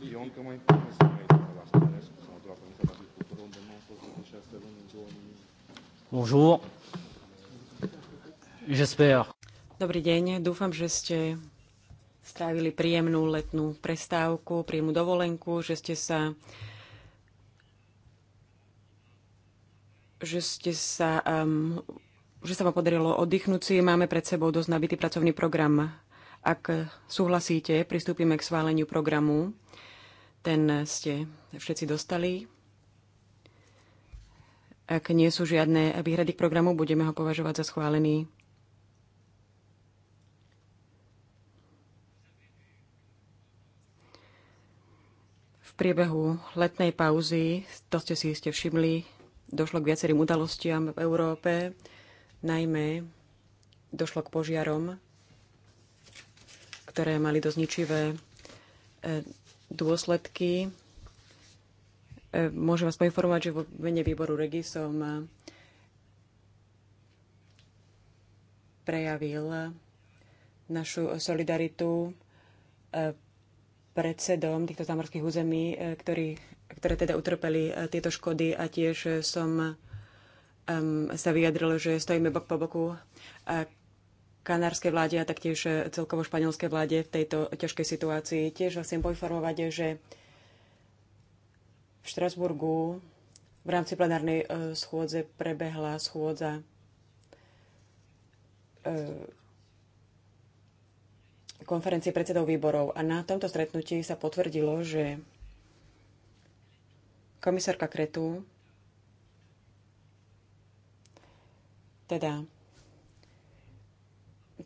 Iulie Ion că mai impune să mai ducă la Stănescu la Comisia de Agricultură, unde nu am fost de 6 luni în 2000. Bonjour. J'espère. Dobrý deň, dúfam, že ste strávili príjemnú letnú prestávku, príjemnú dovolenku, že ste sa že ste sa um, že sa vám podarilo oddychnúť si. Máme pred sebou dosť nabitý pracovný program. Ak súhlasíte, pristúpime k sváleniu programu. Ten ste všetci dostali. Ak nie sú žiadne výhrady k programu, budeme ho považovať za schválený. V priebehu letnej pauzy, to ste si ste všimli, došlo k viacerým udalostiam v Európe, najmä došlo k požiarom, ktoré mali dosť ničivé e, dôsledky. E, môžem vás poinformovať, že v mene výboru Regi som e, prejavil našu solidaritu e, predsedom týchto zamorských území, ktorí, ktoré teda utrpeli tieto škody a tiež som sa vyjadril, že stojíme bok po boku kanárskej vláde a taktiež e, celkovo španielskej vláde v tejto ťažkej situácii. Tiež vás chcem poinformovať, že v Štrasburgu v rámci plenárnej e, schôdze prebehla schôdza e, konferencie predsedov výborov a na tomto stretnutí sa potvrdilo, že komisárka Kretu teda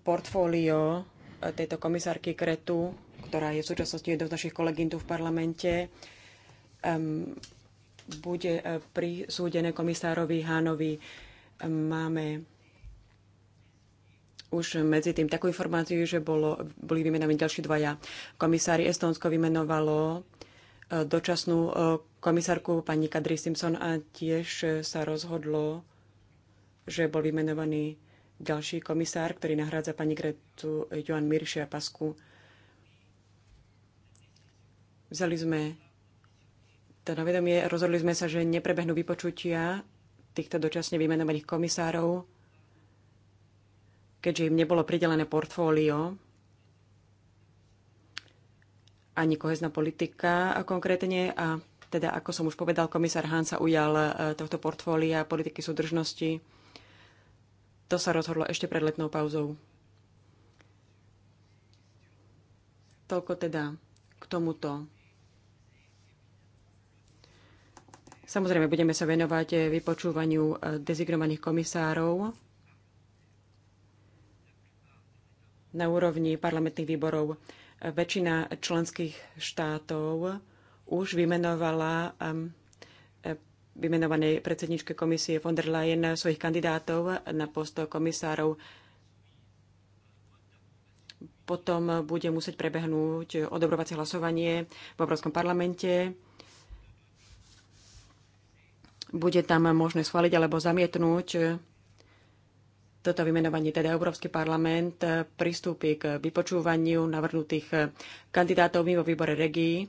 portfólio e, tejto komisárky Kretu, ktorá je v súčasnosti jednou z našich kolegín tu v parlamente, um, bude e, prisúdené komisárovi Hánovi. Máme už medzi tým takú informáciu, že bolo, boli vymenovaní ďalší dvaja komisári. Estónsko vymenovalo e, dočasnú komisárku pani Kadri Simpson a tiež sa rozhodlo, že bol vymenovaný ďalší komisár, ktorý nahrádza pani Gretu Joan Miršia Pasku. Vzali sme to na vedomie, rozhodli sme sa, že neprebehnú vypočutia týchto dočasne vymenovaných komisárov, keďže im nebolo pridelené portfólio ani kohezná politika konkrétne a teda, ako som už povedal, komisár Hán sa ujal e, tohto portfólia politiky súdržnosti to sa rozhodlo ešte pred letnou pauzou. Toľko teda k tomuto. Samozrejme, budeme sa venovať eh, vypočúvaniu eh, dezignovaných komisárov na úrovni parlamentných výborov. Eh, väčšina členských štátov už vymenovala vymenovanej predsedničke komisie von der Leyen svojich kandidátov na post komisárov. Potom bude musieť prebehnúť odobrovacie hlasovanie v Európskom parlamente. Bude tam možné schváliť alebo zamietnúť toto vymenovanie, teda Európsky parlament pristúpi k vypočúvaniu navrhnutých kandidátov mimo výbore regií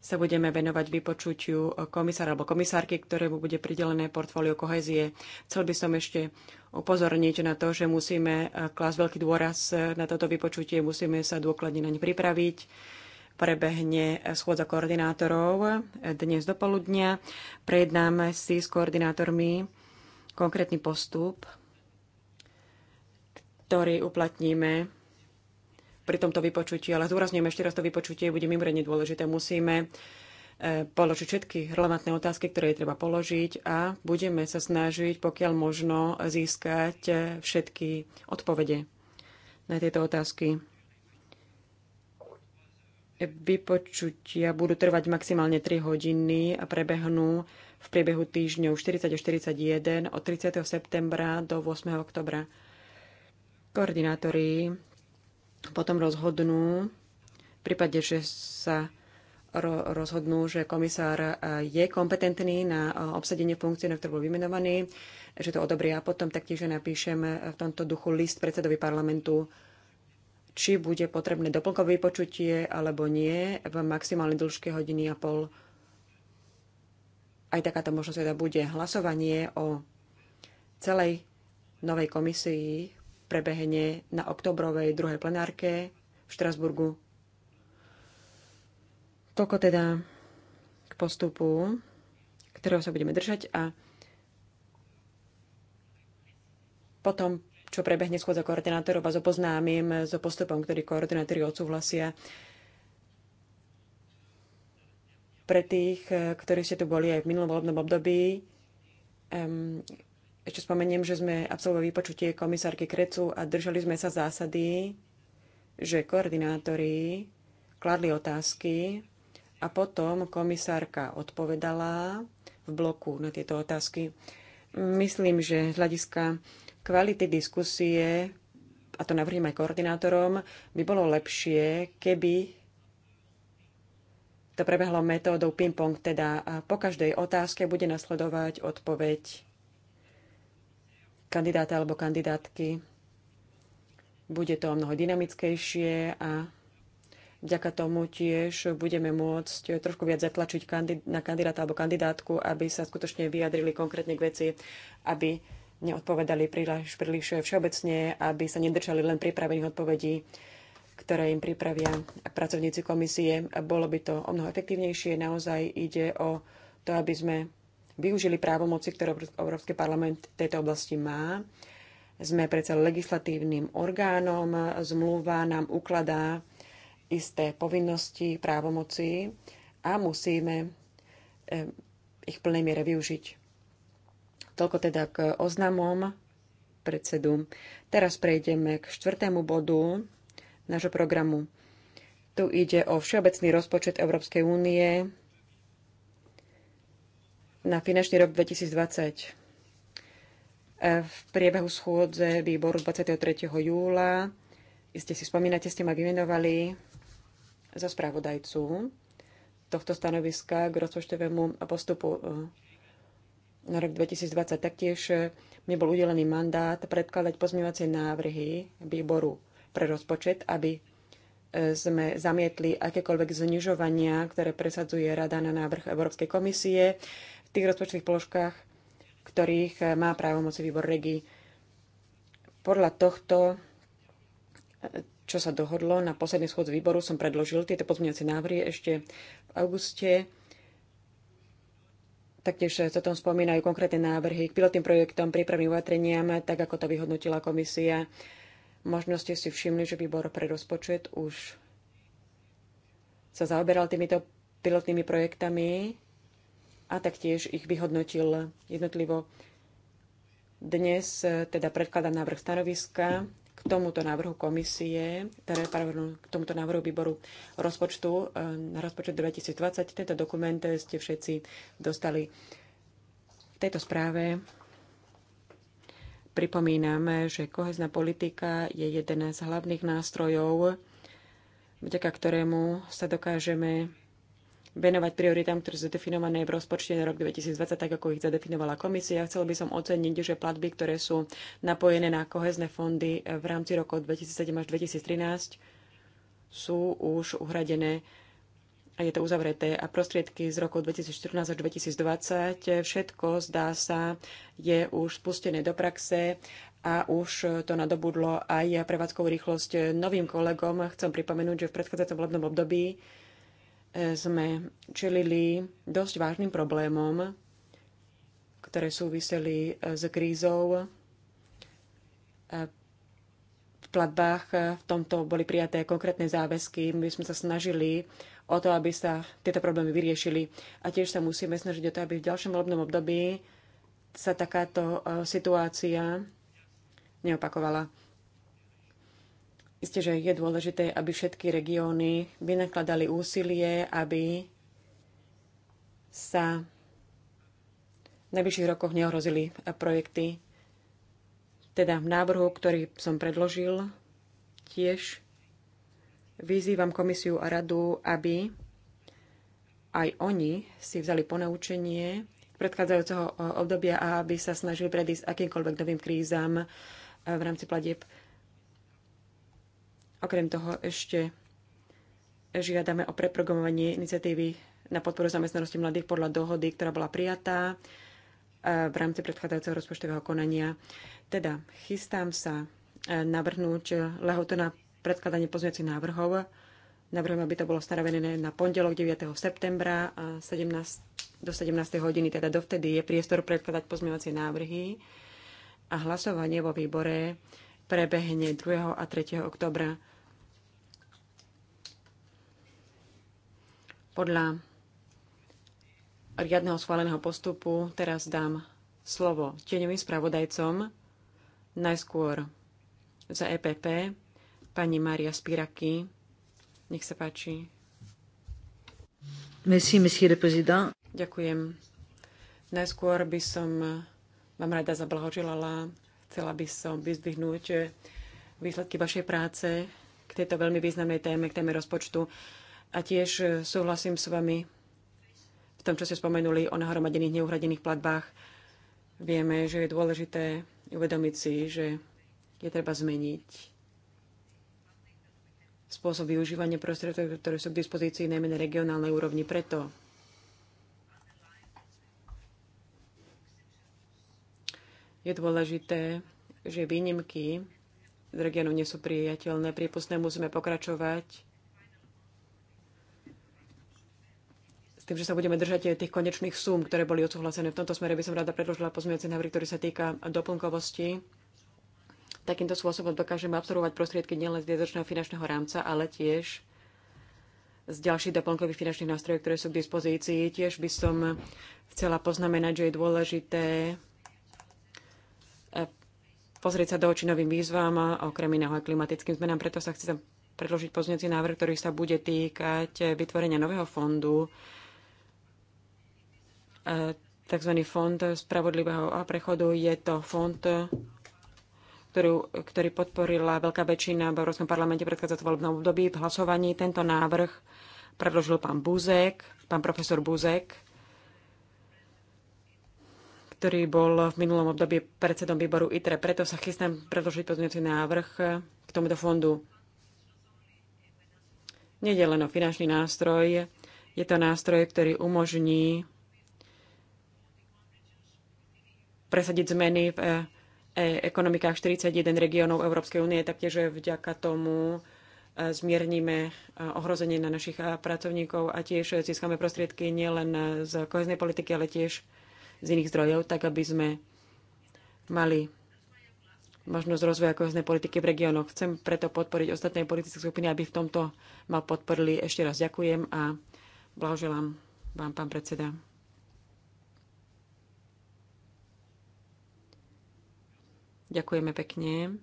sa budeme venovať vypočutiu komisára alebo komisárky, ktorému bude pridelené portfólio kohezie. Chcel by som ešte upozorniť na to, že musíme eh, klásť veľký dôraz eh, na toto vypočutie, musíme sa dôkladne naň pripraviť. Prebehne eh, schôdza koordinátorov dnes do poludnia. Prejednáme si s koordinátormi konkrétny postup, ktorý uplatníme pri tomto vypočutí, ale zúrazňujem ešte raz to vypočutie, bude mimoriadne dôležité. Musíme e, položiť všetky relevantné otázky, ktoré je treba položiť a budeme sa snažiť, pokiaľ možno, získať e, všetky odpovede na tieto otázky. Vypočutia budú trvať maximálne 3 hodiny a prebehnú v priebehu týždňov 40 až 41 od 30. septembra do 8. oktobra. Koordinátori potom rozhodnú, v prípade, že sa rozhodnú, že komisár eh, je kompetentný na eh, obsadenie funkcie, na ktorú bol vymenovaný, že to odobria. A potom taktiež napíšem eh, v tomto duchu list predsedovi parlamentu, či bude potrebné doplnkové počutie alebo nie v maximálnej dĺžke hodiny a pol. Aj takáto možnosť teda bude hlasovanie o celej novej komisii prebehne na oktobrovej druhej plenárke v Štrasburgu. Toľko teda k postupu, ktorého sa budeme držať a potom, čo prebehne za koordinátorov, vás opoznámim so postupom, ktorý koordinátori odsúhlasia. Pre tých, ktorí ste tu boli aj v minulom volebnom období, um, ešte spomeniem, že sme absolvovali vypočutie komisárky Krecu a držali sme sa zásady, že koordinátori kladli otázky a potom komisárka odpovedala v bloku na tieto otázky. Myslím, že z hľadiska kvality diskusie, a to navrhujem aj koordinátorom, by bolo lepšie, keby to prebehlo metódou ping-pong, teda po každej otázke bude nasledovať odpoveď kandidáta alebo kandidátky. Bude to o mnoho dynamickejšie a vďaka tomu tiež budeme môcť trošku viac zatlačiť na kandidáta alebo kandidátku, aby sa skutočne vyjadrili konkrétne k veci, aby neodpovedali príliš, príliš všeobecne, aby sa nedržali len pripravených odpovedí, ktoré im pripravia pracovníci komisie. Bolo by to o mnoho efektívnejšie. Naozaj ide o to, aby sme využili právomoci, ktoré Európsky parlament v tejto oblasti má. Sme predsa legislatívnym orgánom, zmluva nám ukladá isté povinnosti, právomoci a musíme eh, ich v plnej miere využiť. Toľko teda k oznamom predsedu. Teraz prejdeme k štvrtému bodu nášho programu. Tu ide o všeobecný rozpočet Európskej únie na finančný rok 2020. E, v priebehu schôdze výboru 23. júla, ste si spomínate, ste ma vymenovali za správodajcu tohto stanoviska k rozpočtovému postupu e, na rok 2020. Taktiež e, mi bol udelený mandát predkladať pozmývacie návrhy výboru pre rozpočet, aby sme zamietli akékoľvek znižovania, ktoré presadzuje Rada na návrh Európskej komisie v tých rozpočtových položkách, ktorých eh, má právomoci výbor regii. Podľa tohto, eh, čo sa dohodlo na posledný schod z výboru, som predložil tieto pozmeňovacie návrhy ešte v auguste. Taktiež eh, sa tom spomínajú konkrétne návrhy k pilotným projektom, prípravným uvatreniam, tak ako to vyhodnotila komisia. Možno ste si všimli, že výbor pre rozpočet už sa zaoberal týmito pilotnými projektami a taktiež ich vyhodnotil jednotlivo. Dnes eh, teda predkladá návrh stanoviska k tomuto návrhu komisie, teda k tomuto návrhu výboru rozpočtu eh, na rozpočet 2020. Tento dokument ste všetci dostali v tejto správe. Pripomíname, že kohezná politika je jeden z hlavných nástrojov, vďaka ktorému sa dokážeme venovať prioritám, ktoré sú definované v rozpočte na rok 2020, tak ako ich zadefinovala komisia. Chcel by som oceniť, že platby, ktoré sú napojené na kohezné fondy v rámci rokov 2007 až 2013, sú už uhradené a je to uzavreté. A prostriedky z roku 2014 až 2020, všetko zdá sa, je už spustené do praxe a už to nadobudlo aj prevádzkovú rýchlosť novým kolegom. Chcem pripomenúť, že v predchádzajúcom volebnom období sme čelili dosť vážnym problémom, ktoré súviseli eh, s krízou. Eh, v platbách eh, v tomto boli prijaté konkrétne záväzky. My sme sa snažili o to, aby sa tieto problémy vyriešili. A tiež sa musíme snažiť o to, aby v ďalšom volebnom období sa takáto situácia neopakovala. Isté, že je dôležité, aby všetky regióny vynakladali úsilie, aby sa v najbližších rokoch neohrozili projekty. Teda v návrhu, ktorý som predložil, tiež vyzývam komisiu a radu, aby aj oni si vzali ponaučenie predchádzajúceho obdobia a aby sa snažili predísť akýmkoľvek novým krízam e, v rámci platieb Okrem toho ešte žiadame o preprogramovanie iniciatívy na podporu zamestnanosti mladých podľa dohody, ktorá bola prijatá e, v rámci predchádzajúceho rozpočtového konania. Teda chystám sa e, navrhnúť lehotu na predkladanie pozmeňujúcich návrhov. Navrhujem, aby to bolo stanovené na pondelok 9. septembra a 17, do 17. hodiny, teda dovtedy je priestor predkladať pozmeňovacie návrhy a hlasovanie vo výbore prebehne 2. a 3. oktobra. Podľa riadneho schváleného postupu teraz dám slovo tieňovým spravodajcom, najskôr za EPP, pani Maria Spiraky. Nech sa páči. Merci, monsieur le président. Ďakujem. Najskôr by som vám rada zablahoželala. Chcela by som vyzdvihnúť výsledky vašej práce k tejto veľmi významnej téme, k téme rozpočtu. A tiež e, súhlasím s vami v tom, čo ste spomenuli o nahromadených neuhradených platbách. Vieme, že je dôležité uvedomiť si, že je treba zmeniť spôsob využívania prostriedkov, ktoré sú k dispozícii najmä na regionálnej úrovni. Preto je dôležité, že výnimky z regiónu nie sú prijateľné. Prípustné musíme pokračovať tým, že sa budeme držať tých konečných súm, ktoré boli odsúhlasené. V tomto smere by som rada predložila pozmeňujúci návrh, ktorý sa týka doplnkovosti. Takýmto spôsobom dokážeme absorbovať prostriedky nielen z viedočného finančného rámca, ale tiež z ďalších doplnkových finančných nástrojov, ktoré sú k dispozícii. Tiež by som chcela poznamenať, že je dôležité eh, pozrieť sa do očí novým výzvam, okrem iného aj klimatickým zmenám. Preto sa chcem predložiť pozmeňujúci návrh, ktorý sa bude týkať vytvorenia nového fondu E, tzv. fond spravodlivého prechodu. Je to fond, ktorú, ktorý podporila veľká väčšina v Európskom parlamente v predchádzajúcom volebnom období v hlasovaní. Tento návrh predložil pán Buzek, pán profesor Buzek, ktorý bol v minulom období predsedom výboru ITRE. Preto sa chystám predložiť pozmeňujúci návrh k tomuto fondu. Nedeleno len o finančný nástroj, je to nástroj, ktorý umožní presadiť zmeny v eh, eh, ekonomikách 41 regiónov Európskej únie, taktiež eh, vďaka tomu zmierníme ohrozenie na našich pracovníkov a tiež získame prostriedky nielen z koheznej politiky, ale tiež z iných zdrojov, tak aby sme mali možnosť rozvoja koheznej politiky v regiónoch. Chcem preto podporiť ostatné politické skupiny, aby v tomto ma podporili. Ešte raz ďakujem a blahoželám vám, pán predseda. Ďakujeme pekne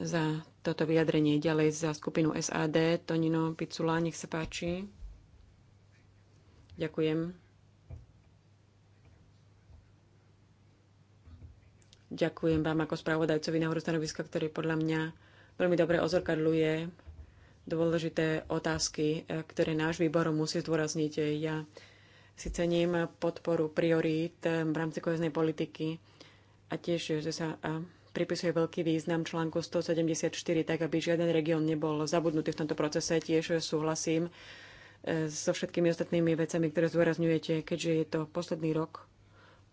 za toto vyjadrenie. Ďalej za skupinu SAD Tonino Picula, nech sa páči. Ďakujem. Ďakujem vám ako spravodajcovi na stanoviska, ktorý podľa mňa veľmi dobre ozorkadľuje dôležité otázky, e, ktoré náš výbor musí zdôrazniť. Ja si cením podporu priorít e, v rámci koheznej politiky a tiež, že sa pripisuje veľký význam článku 174, tak aby žiaden región nebol zabudnutý v tomto procese. Tiež súhlasím e, so všetkými ostatnými vecami, ktoré zdôrazňujete, keďže je to posledný rok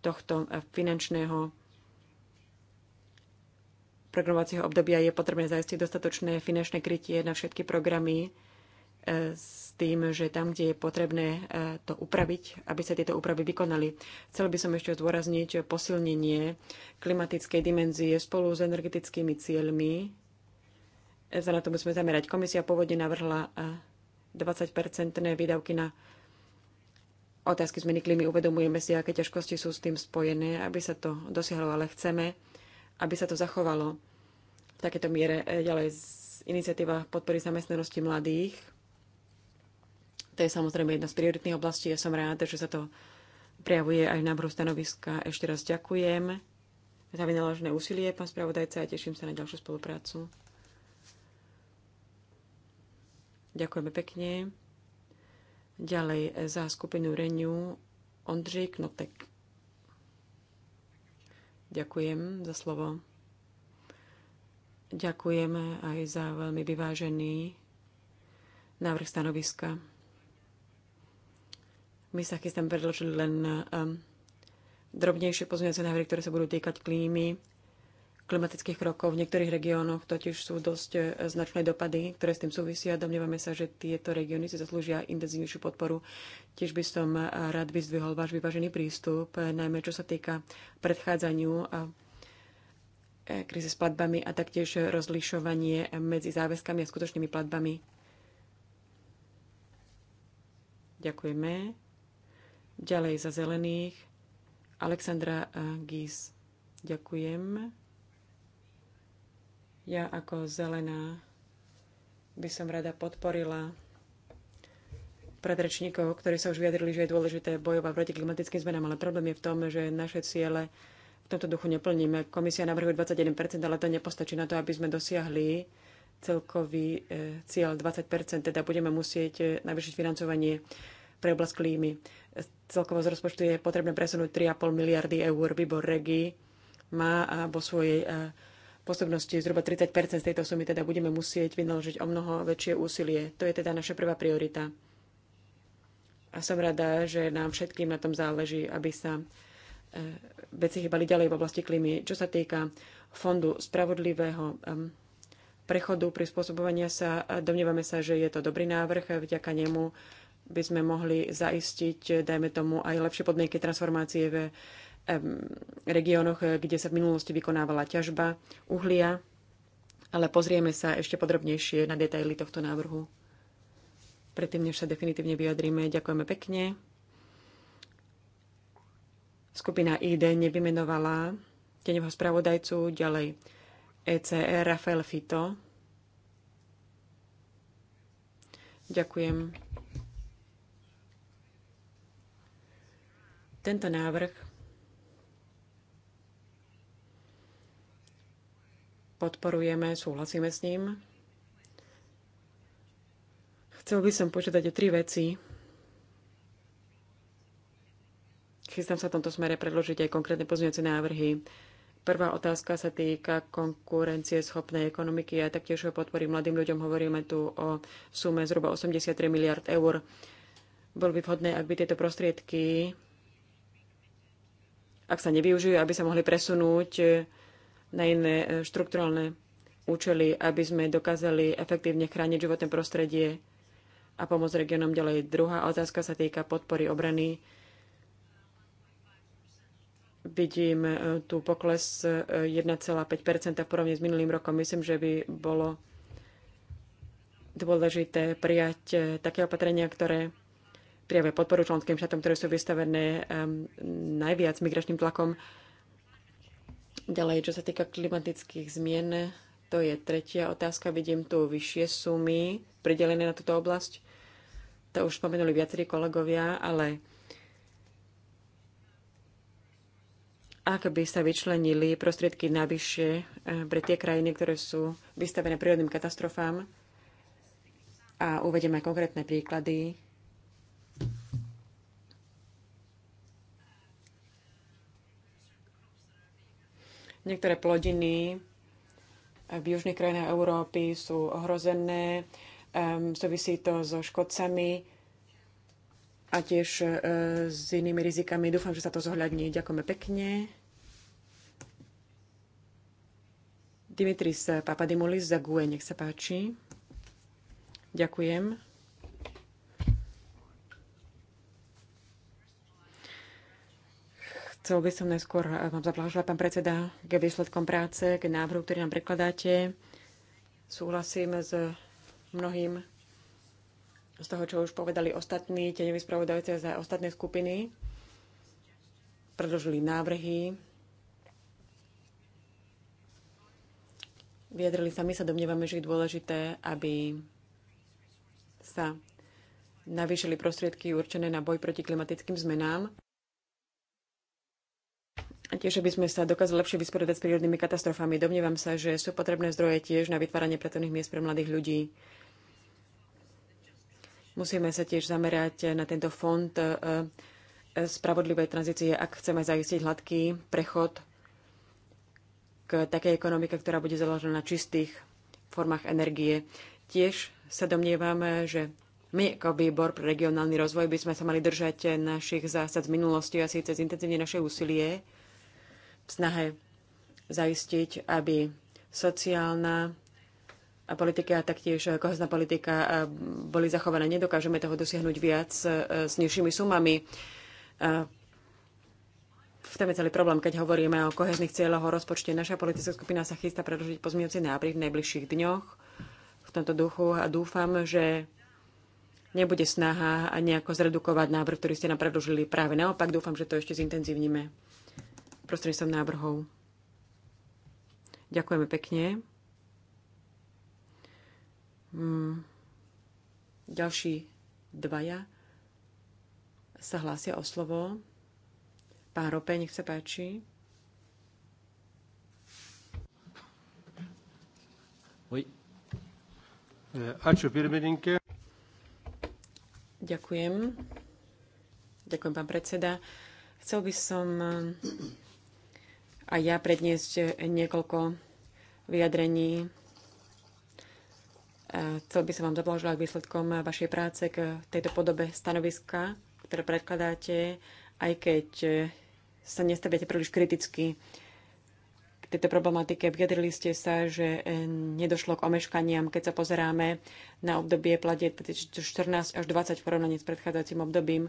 tohto e, finančného programovacieho obdobia je potrebné zajistiť dostatočné finančné krytie na všetky programy e, tým, že tam, kde je potrebné e, to upraviť, aby sa tieto úpravy vykonali. Chcel by som ešte zdôrazniť posilnenie klimatickej dimenzie spolu s energetickými cieľmi. Za e, na to musíme zamerať. Komisia pôvodne navrhla 20-percentné e, výdavky na otázky zmeny klímy. Uvedomujeme si, aké ťažkosti sú s tým spojené, aby sa to dosiahlo, ale chceme, aby sa to zachovalo v takéto miere ďalej z iniciatíva podpory zamestnanosti mladých – to je samozrejme jedna z prioritných oblastí. Ja som ráda, že sa to prejavuje aj návrhu stanoviska. Ešte raz ďakujem za vynaložené úsilie, pán spravodajca, a teším sa na ďalšiu spoluprácu. Ďakujeme pekne. Ďalej za skupinu Renew Ondřej Knotek. Ďakujem za slovo. Ďakujem aj za veľmi vyvážený návrh stanoviska. My sa chystáme predložiť len um, drobnejšie pozmeňovacie návrhy, ktoré sa budú týkať klímy, klimatických krokov. V niektorých regiónoch totiž sú dosť e, značné dopady, ktoré s tým súvisia. Domnievame sa, že tieto regióny si zaslúžia intenzívnejšiu podporu. Tiež by som e, rád vyzdvihol váš vyvážený prístup, e, najmä čo sa týka predchádzaniu a krízy s platbami a taktiež rozlišovanie medzi záväzkami a skutočnými platbami. Ďakujeme. Ďalej za zelených Alexandra eh, Gis. Ďakujem. Ja ako zelená by som rada podporila predrečníkov, ktorí sa už vyjadrili, že je dôležité bojovať proti klimatickým zmenám, ale problém je v tom, že naše ciele v tomto duchu neplníme. Komisia navrhuje 21%, ale to nepostačí na to, aby sme dosiahli celkový eh, cieľ 20%, teda budeme musieť eh, navýšiť financovanie pre oblasť klímy. Celkovo z rozpočtu je potrebné presunúť 3,5 miliardy eur. Výbor Regi má vo svojej pôsobnosti zhruba 30 z tejto sumy, teda budeme musieť vynaložiť o mnoho väčšie úsilie. To je teda naša prvá priorita. A som rada, že nám všetkým na tom záleží, aby sa e, veci chýbali ďalej v oblasti klímy. Čo sa týka fondu spravodlivého prechodu prispôsobovania sa, domnievame sa, že je to dobrý návrh. Vďaka nemu by sme mohli zaistiť, dajme tomu, aj lepšie podmienky transformácie v regiónoch, kde sa v minulosti vykonávala ťažba uhlia. Ale pozrieme sa ešte podrobnejšie na detaily tohto návrhu. Predtým, než sa definitívne vyjadríme, ďakujeme pekne. Skupina ID nevymenovala tenevho spravodajcu, ďalej ECR e, Rafael Fito. Ďakujem. Tento návrh podporujeme, súhlasíme s ním. Chcel by som požiadať o tri veci. Chystám sa v tomto smere predložiť aj konkrétne pozmeňujúce návrhy. Prvá otázka sa týka konkurencie schopnej ekonomiky a taktiež ho podporí mladým ľuďom. Hovoríme tu o sume zhruba 83 miliard eur. Bol by vhodné, ak by tieto prostriedky ak sa nevyužijú, aby sa mohli presunúť e, na iné e, štrukturálne účely, aby sme dokázali efektívne chrániť životné prostredie a pomôcť regionom ďalej. Druhá otázka sa týka podpory obrany. Vidím e, tu pokles 1,5 v porovne s minulým rokom. Myslím, že by bolo dôležité prijať také opatrenia, ktoré priame podporu členským štátom, ktoré sú vystavené um, najviac migračným tlakom. Ďalej, čo sa týka klimatických zmien, to je tretia otázka. Vidím tu vyššie sumy pridelené na túto oblasť. To už spomenuli viacerí kolegovia, ale ak by sa vyčlenili prostriedky navyše eh, pre tie krajiny, ktoré sú vystavené prírodným katastrofám, a uvedieme aj konkrétne príklady, Niektoré plodiny eh, v južných krajinách Európy sú ohrozené, um, súvisí to so škodcami a tiež uh, s inými rizikami. Dúfam, že sa to zohľadní. Ďakujeme pekne. Dimitris Papadimulis za GUE, nech sa páči. Ďakujem. Chcel by som najskôr eh, vám zablahoželať, pán predseda, k výsledkom práce, k návrhu, ktorý nám prekladáte. Súhlasím s mnohým z toho, čo už povedali ostatní tieňoví nevyspravodajúce za ostatné skupiny. Predložili návrhy. Vyjadrili sa, my sa domnievame, že je dôležité, aby sa navýšili prostriedky určené na boj proti klimatickým zmenám. A tiež, aby sme sa dokázali lepšie vysporiadať s prírodnými katastrofami. Domnievam sa, že sú potrebné zdroje tiež na vytváranie pracovných miest pre mladých ľudí. Musíme sa tiež zamerať na tento fond e, e, spravodlivej tranzície, ak chceme zaistiť hladký prechod k takej ekonomike, ktorá bude založená na čistých formách energie. Tiež sa domnievame, že my ako výbor pre regionálny rozvoj by sme sa mali držať našich zásad z minulosti a síce zintenzívne naše úsilie v snahe zaistiť, aby sociálna a politika a taktiež kohozná politika boli zachované. Nedokážeme toho dosiahnuť viac e, s nižšími sumami. V tom je celý problém, keď hovoríme o kohezných cieľoch, o rozpočte. Naša politická skupina sa chystá predložiť pozmienujúci návrh v najbližších dňoch v tomto duchu a dúfam, že nebude snaha nejako zredukovať návrh, ktorý ste nám predložili. Práve naopak, dúfam, že to ešte zintenzívnime prostredstvom návrhov. Ďakujeme pekne. Mm. Ďalší dvaja sa hlásia o slovo. Pán Rope, nech sa páči. Oui. Eh, ačiū pirmininkė. Ďakujem. Ďakujem, pán predseda. Chcel by som a ja predniesť niekoľko vyjadrení. Chcel by som vám zablahoželať výsledkom vašej práce k tejto podobe stanoviska, ktoré predkladáte, aj keď sa nestaviate príliš kriticky k tejto problematike. Vyjadrili ste sa, že nedošlo k omeškaniam, keď sa pozeráme na obdobie platie 2014 až 2020 v porovnaní s predchádzajúcim obdobím,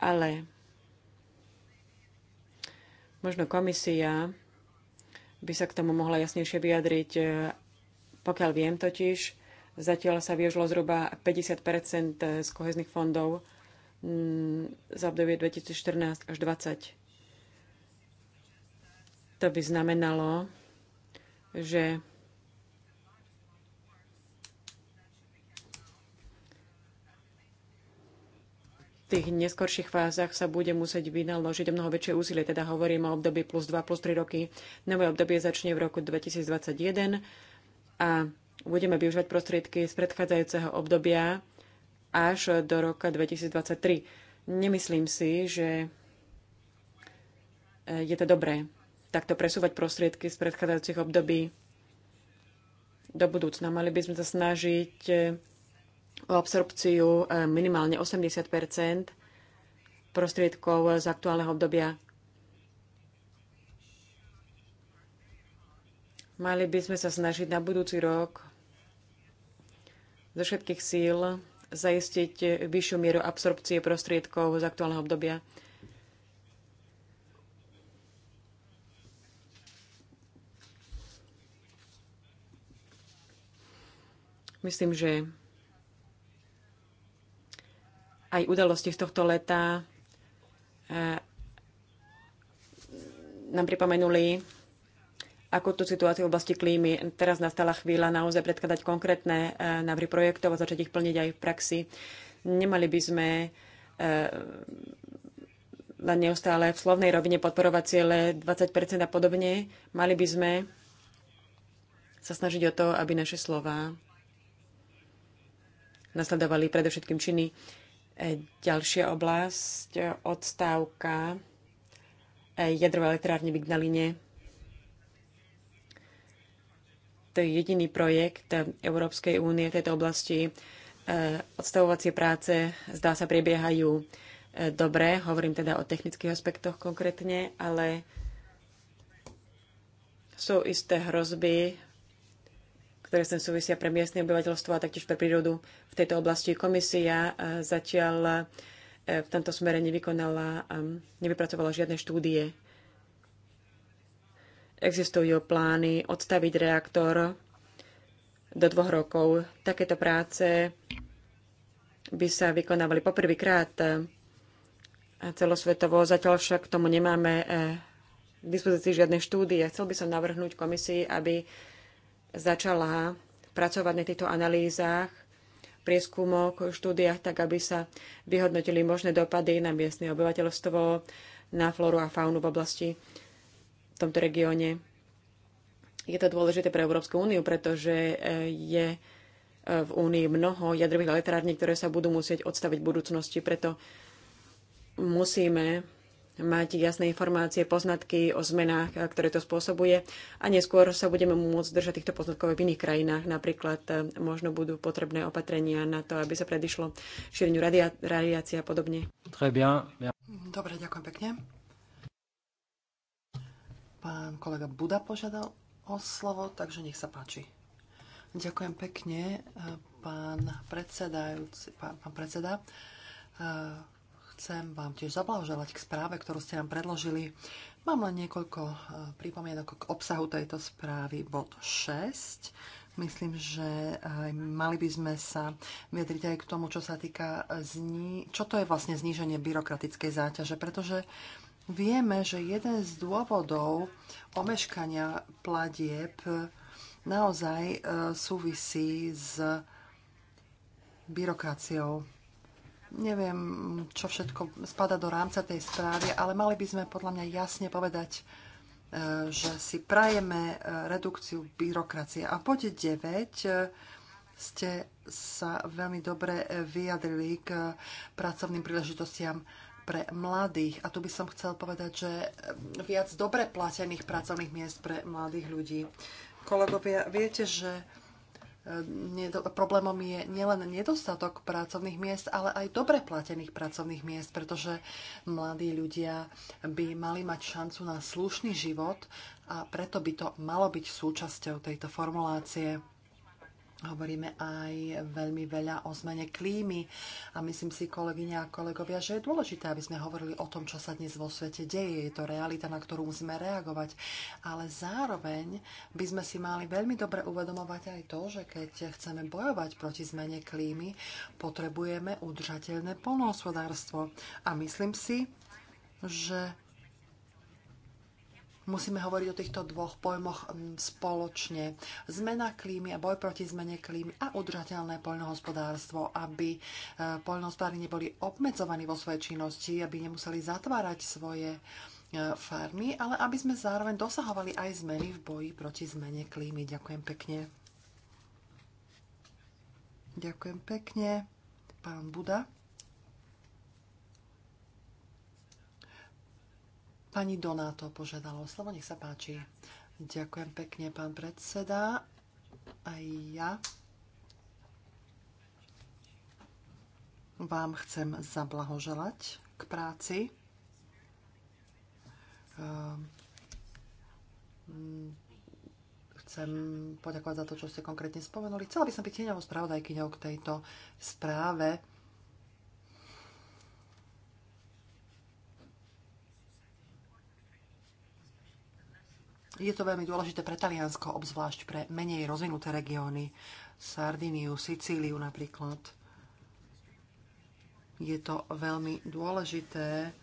ale Možno komisia by sa k tomu mohla jasnejšie vyjadriť. E, pokiaľ viem totiž, zatiaľ sa využilo zhruba 50 z kohezných fondov mm, za obdobie 2014 až 2020. To by znamenalo, že tých neskorších fázach sa bude musieť vynaložiť mnoho väčšie úsilie. Teda hovorím o období plus 2, plus 3 roky. Nové obdobie začne v roku 2021 a budeme využívať prostriedky z predchádzajúceho obdobia až do roka 2023. Nemyslím si, že e, je to dobré takto presúvať prostriedky z predchádzajúcich období do budúcna. Mali by sme sa snažiť e, o absorpciu e, minimálne 80 prostriedkov z aktuálneho obdobia. Mali by sme sa snažiť na budúci rok zo všetkých síl zaistiť vyššiu mieru absorpcie prostriedkov z aktuálneho obdobia. Myslím, že aj udalosti z tohto leta e, nám pripomenuli, ako tú situáciu v oblasti klímy. Teraz nastala chvíľa naozaj predkladať konkrétne e, návry projektov a začať ich plniť aj v praxi. Nemali by sme e, len neustále v slovnej rovine podporovať ciele 20% a podobne. Mali by sme sa snažiť o to, aby naše slova nasledovali predovšetkým činy. Ďalšia oblasť, odstávka e, jadrová elektrárne Vignaline. To je jediný projekt Európskej únie v tejto oblasti. E, odstavovacie práce zdá sa prebiehajú e, dobre, hovorím teda o technických aspektoch konkrétne, ale sú isté hrozby ktoré sem súvisia pre miestne obyvateľstvo a taktiež pre prírodu v tejto oblasti. Komisia eh, zatiaľ eh, v tomto smere nevykonala, eh, nevypracovala žiadne štúdie. Existujú plány odstaviť reaktor do dvoch rokov. Takéto práce by sa vykonávali poprvýkrát celosvetovo. Zatiaľ však k tomu nemáme k dispozícii žiadne štúdie. Chcel by som navrhnúť komisii, aby začala pracovať na týchto analýzach, prieskumoch, štúdiách, tak aby sa vyhodnotili možné dopady na miestne obyvateľstvo, na flóru a faunu v oblasti v tomto regióne. Je to dôležité pre Európsku úniu, pretože eh, je eh, v únii mnoho jadrových elektrární, ktoré sa budú musieť odstaviť v budúcnosti, preto musíme mať jasné informácie, poznatky o zmenách, ktoré to spôsobuje a neskôr sa budeme môcť držať týchto poznatkov v iných krajinách. Napríklad e, možno budú potrebné opatrenia na to, aby sa predišlo šíreniu radia- radiácie a podobne. Dobre, ďakujem pekne. Pán kolega Buda požiadal o slovo, takže nech sa páči. Ďakujem pekne, e, pán, predsedajúci, pán, pán predseda. E, Chcem vám tiež zablahoželať k správe, ktorú ste nám predložili. Mám len niekoľko e, pripomienok k obsahu tejto správy. Bod 6. Myslím, že e, mali by sme sa vyjadriť aj k tomu, čo sa týka e, zni- čo to je vlastne zníženie byrokratickej záťaže, pretože vieme, že jeden z dôvodov omeškania platieb naozaj súvisí s byrokraciou Neviem, čo všetko spada do rámca tej správy, ale mali by sme podľa mňa jasne povedať, e, že si prajeme e, redukciu byrokracie. A v bode 9 e, ste sa veľmi dobre vyjadrili k pracovným príležitostiam pre mladých. A tu by som chcel povedať, že viac dobre platených pracovných miest pre mladých ľudí. Kolegovia, viete, že problémom je nielen nedostatok pracovných miest, ale aj dobre platených pracovných miest, pretože mladí ľudia by mali mať šancu na slušný život a preto by to malo byť súčasťou tejto formulácie. Hovoríme aj veľmi veľa o zmene klímy a myslím si, kolegyňa a kolegovia, že je dôležité, aby sme hovorili o tom, čo sa dnes vo svete deje. Je to realita, na ktorú musíme reagovať. Ale zároveň by sme si mali veľmi dobre uvedomovať aj to, že keď chceme bojovať proti zmene klímy, potrebujeme udržateľné polnohospodárstvo. A myslím si, že Musíme hovoriť o týchto dvoch pojmoch mm, spoločne. Zmena klímy a boj proti zmene klímy a udržateľné poľnohospodárstvo, aby e, poľnohospodári neboli obmedzovaní vo svojej činnosti, aby nemuseli zatvárať svoje e, farmy, ale aby sme zároveň dosahovali aj zmeny v boji proti zmene klímy. Ďakujem pekne. Ďakujem pekne. Pán Buda. Pani Donáto požiadala slovo, nech sa páči. Ďakujem pekne, pán predseda. Aj ja vám chcem zablahoželať k práci. Ehm, chcem poďakovať za to, čo ste konkrétne spomenuli. Chcela by som byť tieňovou spravodajkyňou k tejto správe Je to veľmi dôležité pre Taliansko, obzvlášť pre menej rozvinuté regióny, Sardiniu, Sicíliu napríklad. Je to veľmi dôležité,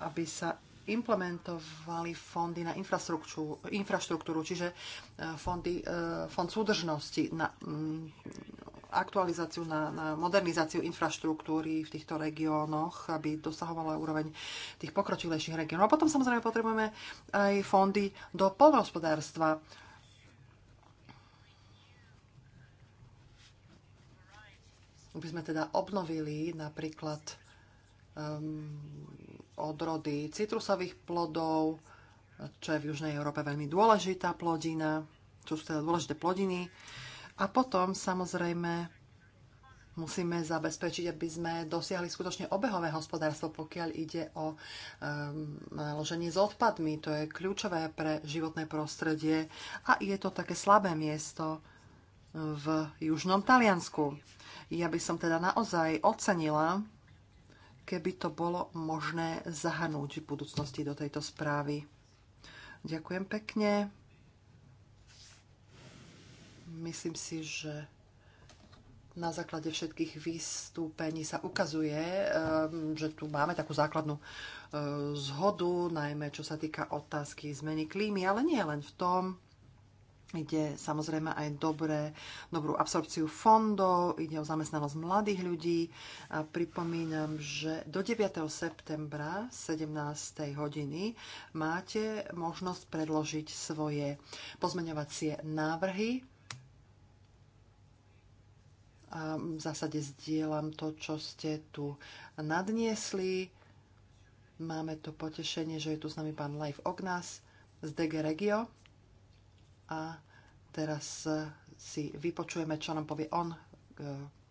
aby sa implementovali fondy na infraštruktúru, infraštruktúru čiže eh, fondy, eh, fond súdržnosti na mm, aktualizáciu, na, na modernizáciu infraštruktúry v týchto regiónoch, aby dosahovala úroveň tých pokročilejších regiónov. A potom samozrejme potrebujeme aj fondy do polnohospodárstva. By sme teda obnovili napríklad um, odrody citrusových plodov, čo je v Južnej Európe veľmi dôležitá plodina, čo sú teda dôležité plodiny. Uh, a potom samozrejme musíme zabezpečiť, aby sme dosiahli skutočne obehové hospodárstvo, pokiaľ ide o um, naloženie s odpadmi. To je kľúčové pre životné prostredie a je to také slabé miesto v južnom Taliansku. Ja by som teda naozaj ocenila, keby to bolo možné zahrnúť v budúcnosti do tejto správy. Ďakujem pekne. Myslím si, že na základe všetkých vystúpení sa ukazuje, ehm, že tu máme takú základnú e, zhodu, najmä čo sa týka otázky zmeny klímy, ale nie len v tom. Ide samozrejme aj dobré, dobrú absorpciu fondov, ide o zamestnanosť mladých ľudí. A pripomínam, že do 9. septembra 17. hodiny máte možnosť predložiť svoje pozmeňovacie návrhy a v zásade zdieľam to, čo ste tu nadniesli. Máme to potešenie, že je tu s nami pán Life Ognas z DG Regio. A teraz e, si vypočujeme, čo nám povie on e,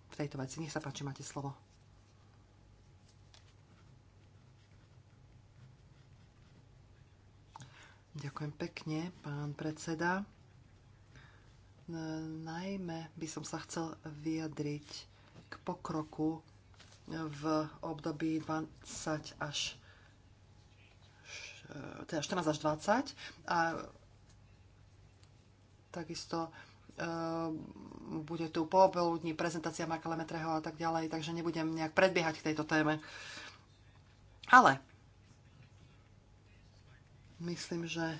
v tejto veci. Nech sa páči, máte slovo. Ďakujem pekne, pán predseda. Najmä by som sa chcel vyjadriť k pokroku v období 20 až teda 14 až 20 a takisto e, bude tu popoludní prezentácia Marka Lemetreho a tak ďalej, takže nebudem nejak predbiehať k tejto téme. Ale myslím, že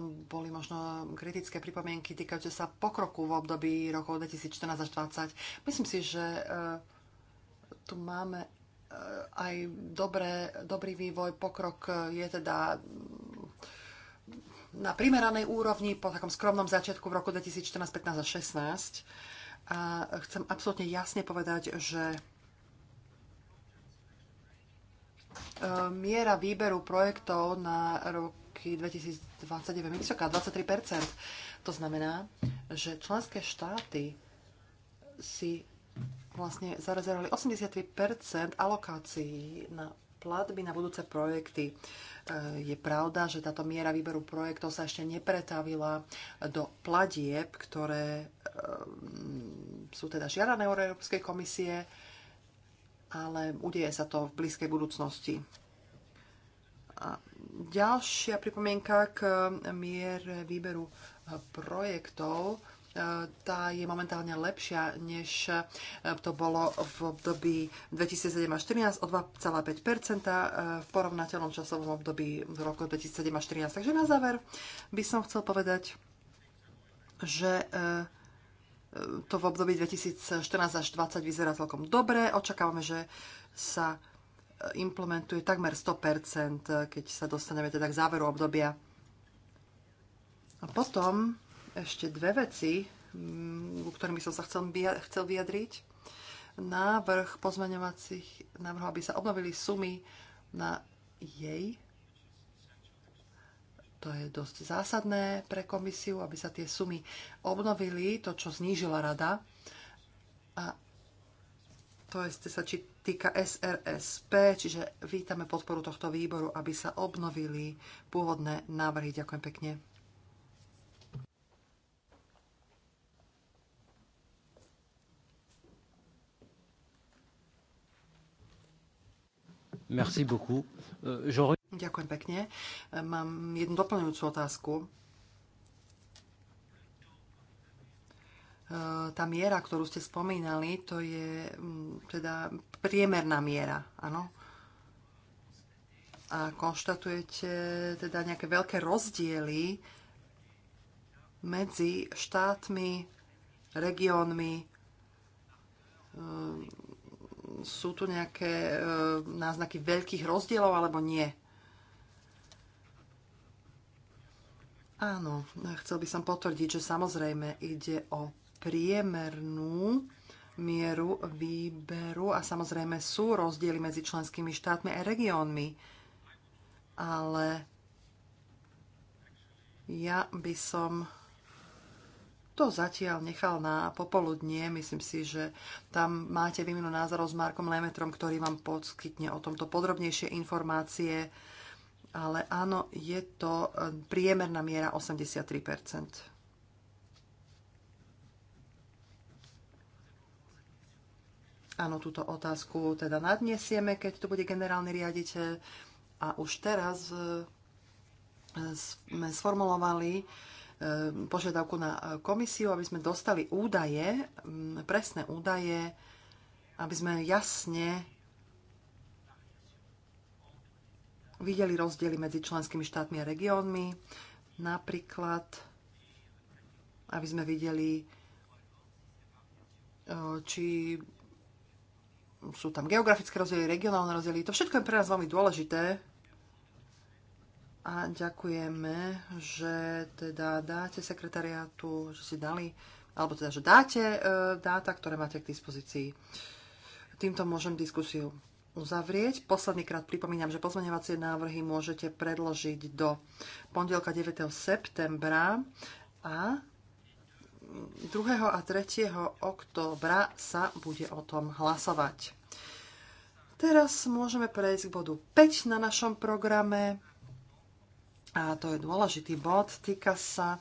boli možno kritické pripomienky týkajúce sa pokroku v období rokov 2014 až 2020. Myslím si, že e, tu máme e, aj dobré, dobrý vývoj, pokrok e, je teda mm, na primeranej úrovni po takom skromnom začiatku v roku 2014, 15 a 16. A chcem absolútne jasne povedať, že miera výberu projektov na rok roky 2029 vysoká, 23%. To znamená, že členské štáty si vlastne zarezervovali 83% alokácií na platby na budúce projekty. E, je pravda, že táto miera výberu projektov sa ešte nepretavila do platieb, ktoré e, sú teda žiadané od Európskej komisie, ale udeje sa to v blízkej budúcnosti. A ďalšia pripomienka k e, mier výberu e, projektov. E, tá je momentálne lepšia, než to bolo v období 2007 až 2014 o 2,5 v porovnateľnom časovom období v roku 2007 až 2014. Takže na záver by som chcel povedať, že to v období 2014 až 2020 vyzerá celkom dobre. Očakávame, že sa implementuje takmer 100%, keď sa dostaneme teda k záveru obdobia. A potom ešte dve veci, mm, ku ktorým som sa chcel, chcel vyjadriť. Návrh pozmeňovacích návrhov, aby sa obnovili sumy na jej. To je dosť zásadné pre komisiu, aby sa tie sumy obnovili, to, čo znížila rada. A to je, sa či týka SRSP, čiže vítame podporu tohto výboru, aby sa obnovili pôvodné návrhy. Ďakujem pekne. Merci beaucoup. Euh, Ďakujem pekne. Mám jednu doplňujúcu otázku. E, tá miera, ktorú ste spomínali, to je mm, teda priemerná miera, áno? A konštatujete teda nejaké veľké rozdiely medzi štátmi, regiónmi. E, sú tu nejaké e, náznaky veľkých rozdielov alebo nie? Áno, chcel by som potvrdiť, že samozrejme ide o priemernú mieru výberu a samozrejme sú rozdiely medzi členskými štátmi a regiónmi. Ale ja by som to zatiaľ nechal na popoludnie. Myslím si, že tam máte výmenu názorov s Markom Lemetrom, ktorý vám poskytne o tomto podrobnejšie informácie. Ale áno, je to priemerná miera 83 Áno, túto otázku teda nadnesieme, keď tu bude generálny riaditeľ. A už teraz e, sme sformulovali e, požiadavku na komisiu, aby sme dostali údaje, presné údaje, aby sme jasne videli rozdiely medzi členskými štátmi a regiónmi. Napríklad, aby sme videli, e, či sú tam geografické rozdiely, regionálne rozdiely. To všetko je pre nás veľmi dôležité. A ďakujeme, že teda dáte sekretariátu, že si dali, alebo teda, že dáte e, dáta, ktoré máte k dispozícii. Týmto môžem diskusiu uzavrieť. Posledný krát pripomínam, že pozmeňovacie návrhy môžete predložiť do pondelka 9. septembra a 2. a 3. októbra sa bude o tom hlasovať. Teraz môžeme prejsť k bodu 5 na našom programe. A to je dôležitý bod, týka sa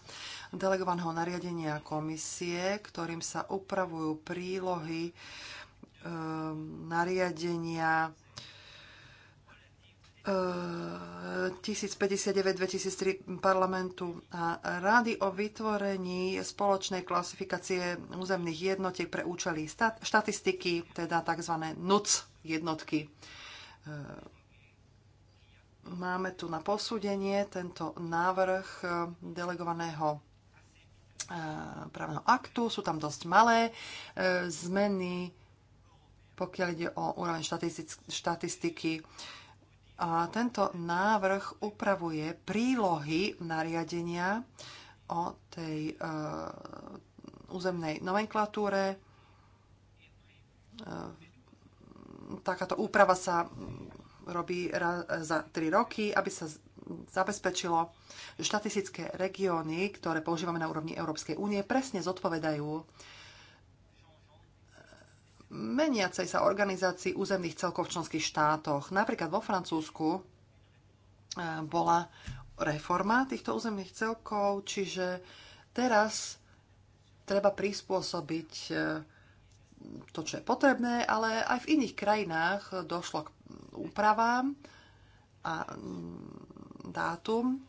delegovaného nariadenia komisie, ktorým sa upravujú prílohy ehm, nariadenia 1059-2003 eh, parlamentu a rady o vytvorení spoločnej klasifikácie územných jednotiek pre účely štatistiky, teda tzv. NUC jednotky. Eh, máme tu na posúdenie tento návrh eh, delegovaného právneho aktu. Sú tam dosť malé zmeny, pokiaľ ide o úroveň štatistiky a tento návrh upravuje prílohy nariadenia o tej e, územnej nomenklatúre. E, takáto úprava sa robí za 3 roky, aby sa zabezpečilo, že štatistické regióny, ktoré používame na úrovni Európskej únie, presne zodpovedajú meniacej sa organizácii územných celkov v členských štátoch. Napríklad vo Francúzsku eh, bola reforma týchto územných celkov, čiže teraz treba prispôsobiť eh, to, čo je potrebné, ale aj v iných krajinách došlo k úpravám a mm, dátum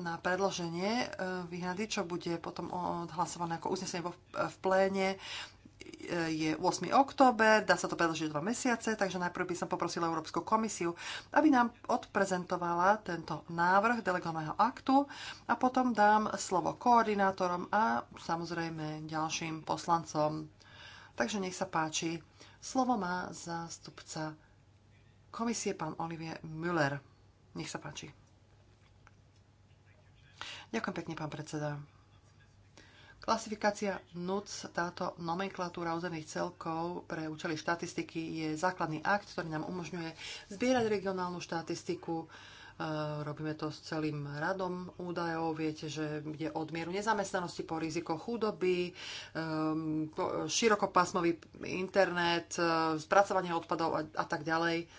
na predloženie eh, výhrady, čo bude potom odhlasované ako uznesenie v pléne je 8. október, dá sa to predlžiť dva mesiace, takže najprv by som poprosila Európsku komisiu, aby nám odprezentovala tento návrh delegovaného aktu a potom dám slovo koordinátorom a samozrejme ďalším poslancom. Takže nech sa páči, slovo má zástupca komisie pán Olivier Müller. Nech sa páči. Ďakujem pekne, pán predseda. Klasifikácia NUC, táto nomenklatúra územných celkov pre účely štatistiky je základný akt, ktorý nám umožňuje zbierať regionálnu štatistiku. E, robíme to s celým radom údajov. Viete, že ide od mieru nezamestnanosti po riziko chudoby, e, širokopásmový internet, e, spracovanie odpadov a, a tak ďalej.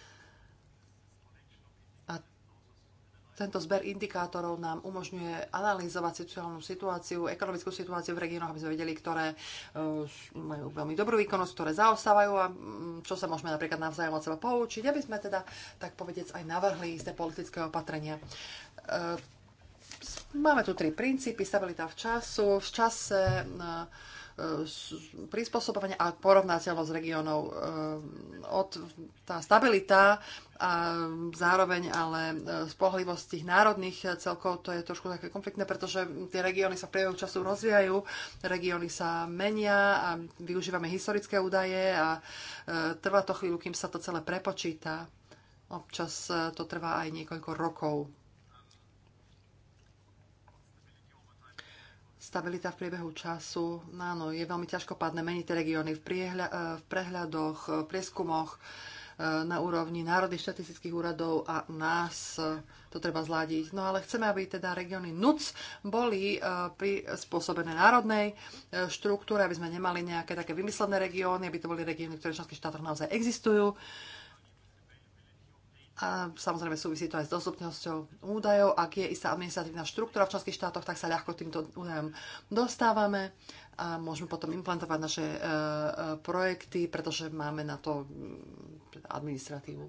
Tento zber indikátorov nám umožňuje analyzovať sociálnu situáciu, ekonomickú situáciu v regiónoch, aby sme vedeli, ktoré e, majú veľmi dobrú výkonnosť, ktoré zaostávajú a mm, čo sa môžeme napríklad navzájom od seba poučiť, aby sme teda, tak povedec, aj navrhli isté politické opatrenia. E, máme tu tri princípy, stabilita v času, v čase, e, E, prispôsobovanie a porovnateľnosť regiónov. E, tá stabilita a zároveň ale e, spohlivosť tých národných celkov, to je trošku také konfliktné, pretože tie regióny sa v priebehu času rozvíjajú, regióny sa menia a využívame historické údaje a trvá to chvíľu, kým sa to celé prepočíta. Občas to trvá aj niekoľko rokov. stabilita v priebehu času. No áno, je veľmi ťažko padne meniť tie regióny v, priehľa- e, v prehľadoch, e, v prieskumoch e, na úrovni národných štatistických úradov a nás to treba zladiť. No ale chceme, aby teda regióny NUC boli prispôsobené národnej štruktúre, aby sme nemali nejaké také vymyslené regióny, aby to boli regióny, ktoré v členských štátoch naozaj existujú. A samozrejme súvisí to aj s dostupnosťou údajov. Ak je istá administratívna štruktúra v členských štátoch, tak sa ľahko týmto údajom dostávame a môžeme potom implantovať naše e, e, projekty, pretože máme na to mm, administratívu.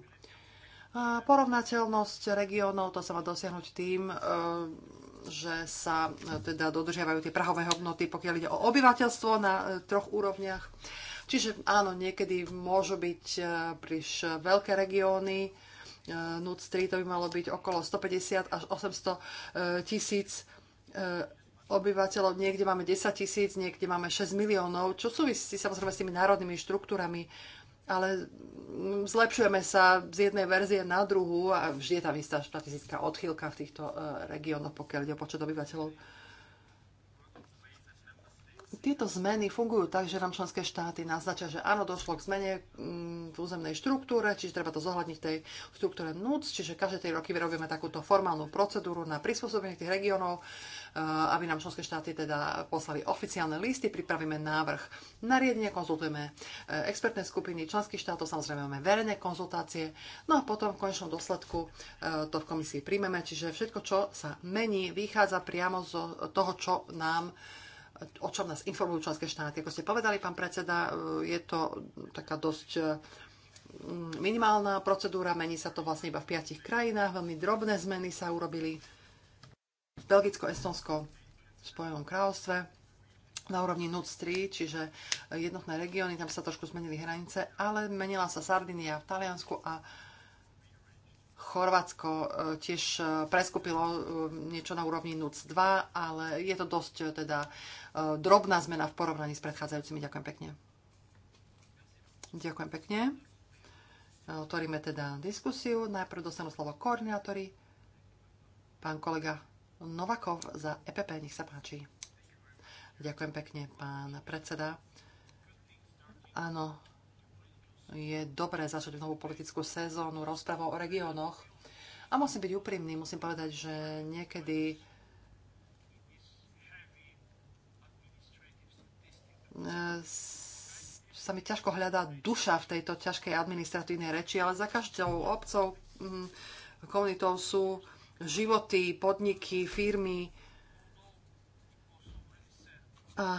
A porovnateľnosť regiónov, to sa má dosiahnuť tým, e, že sa e, teda dodržiavajú tie prahové hodnoty, pokiaľ ide o obyvateľstvo na e, troch úrovniach. Čiže áno, niekedy môžu byť e, príliš veľké regióny, Eh, NUC 3, to by malo byť okolo 150 až 800 eh, tisíc eh, obyvateľov, niekde máme 10 tisíc, niekde máme 6 miliónov, čo súvisí samozrejme s tými národnými štruktúrami, ale mm, zlepšujeme sa z jednej verzie na druhú a vždy je tam istá štatistická odchýlka v týchto regiónoch, pokiaľ ide o počet obyvateľov. Tieto zmeny fungujú tak, že nám členské štáty naznačia, že áno, došlo k zmene mm, v územnej štruktúre, čiže treba to zohľadniť v tej štruktúre NUC, čiže každé tie roky vyrobíme takúto formálnu procedúru na prispôsobenie tých regiónov, eh, aby nám členské štáty teda poslali oficiálne listy, pripravíme návrh nariadenia, konzultujeme eh, expertné skupiny členských štátov, samozrejme máme verejné konzultácie, no a potom v konečnom dôsledku eh, to v komisii príjmeme, čiže všetko, čo sa mení, vychádza priamo z toho, čo nám o čom nás informujú členské štáty. Ako ste povedali, pán predseda, e, je to taká dosť e, mm, minimálna procedúra, mení sa to vlastne iba v piatich krajinách, veľmi drobné zmeny sa urobili v Belgicko, Estonsko, v Spojenom kráľovstve na úrovni NUC 3, čiže jednotné regióny, tam sa trošku zmenili hranice, ale menila sa Sardinia v Taliansku a Chorvátsko e, tiež e, preskúpilo e, niečo na úrovni NUC 2, ale je to dosť teda drobná zmena v porovnaní s predchádzajúcimi. Ďakujem pekne. Ďakujem pekne. Otvoríme teda diskusiu. Najprv dostanú slovo koordinátori. Pán kolega Novakov za EPP, nech sa páči. Ďakujem pekne, pán predseda. Áno, je dobré začať novú politickú sezónu rozprávou o regiónoch. A musím byť úprimný, musím povedať, že niekedy e, sa mi ťažko hľadá duša v tejto ťažkej administratívnej reči, ale za každou obcov, mm, komunitou sú životy, podniky, firmy. A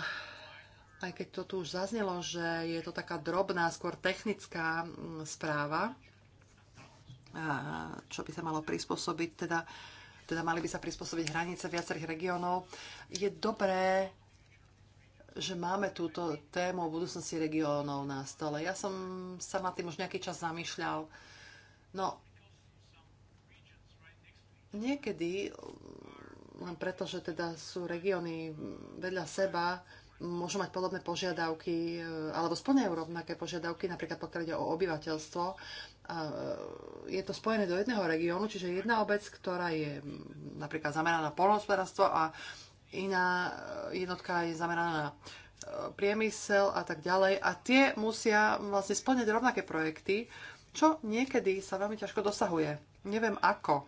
aj keď to tu už zaznelo, že je to taká drobná, skôr technická mm, správa, čo by sa malo prispôsobiť, teda, teda mali by sa prispôsobiť hranice viacerých regiónov. Je dobré, že máme túto tému o budúcnosti regiónov na stole. Ja som sa na tým už nejaký čas zamýšľal. No, niekedy, len preto, že teda sú regióny vedľa seba, môžu mať podobné požiadavky e, alebo splňajú rovnaké požiadavky, napríklad pokiaľ ide o obyvateľstvo. E, je to spojené do jedného regiónu, čiže jedna obec, ktorá je napríklad zameraná na polnohospodárstvo a iná e, jednotka je zameraná na priemysel a tak ďalej. A tie musia vlastne splňať rovnaké projekty, čo niekedy sa veľmi ťažko dosahuje. Neviem ako.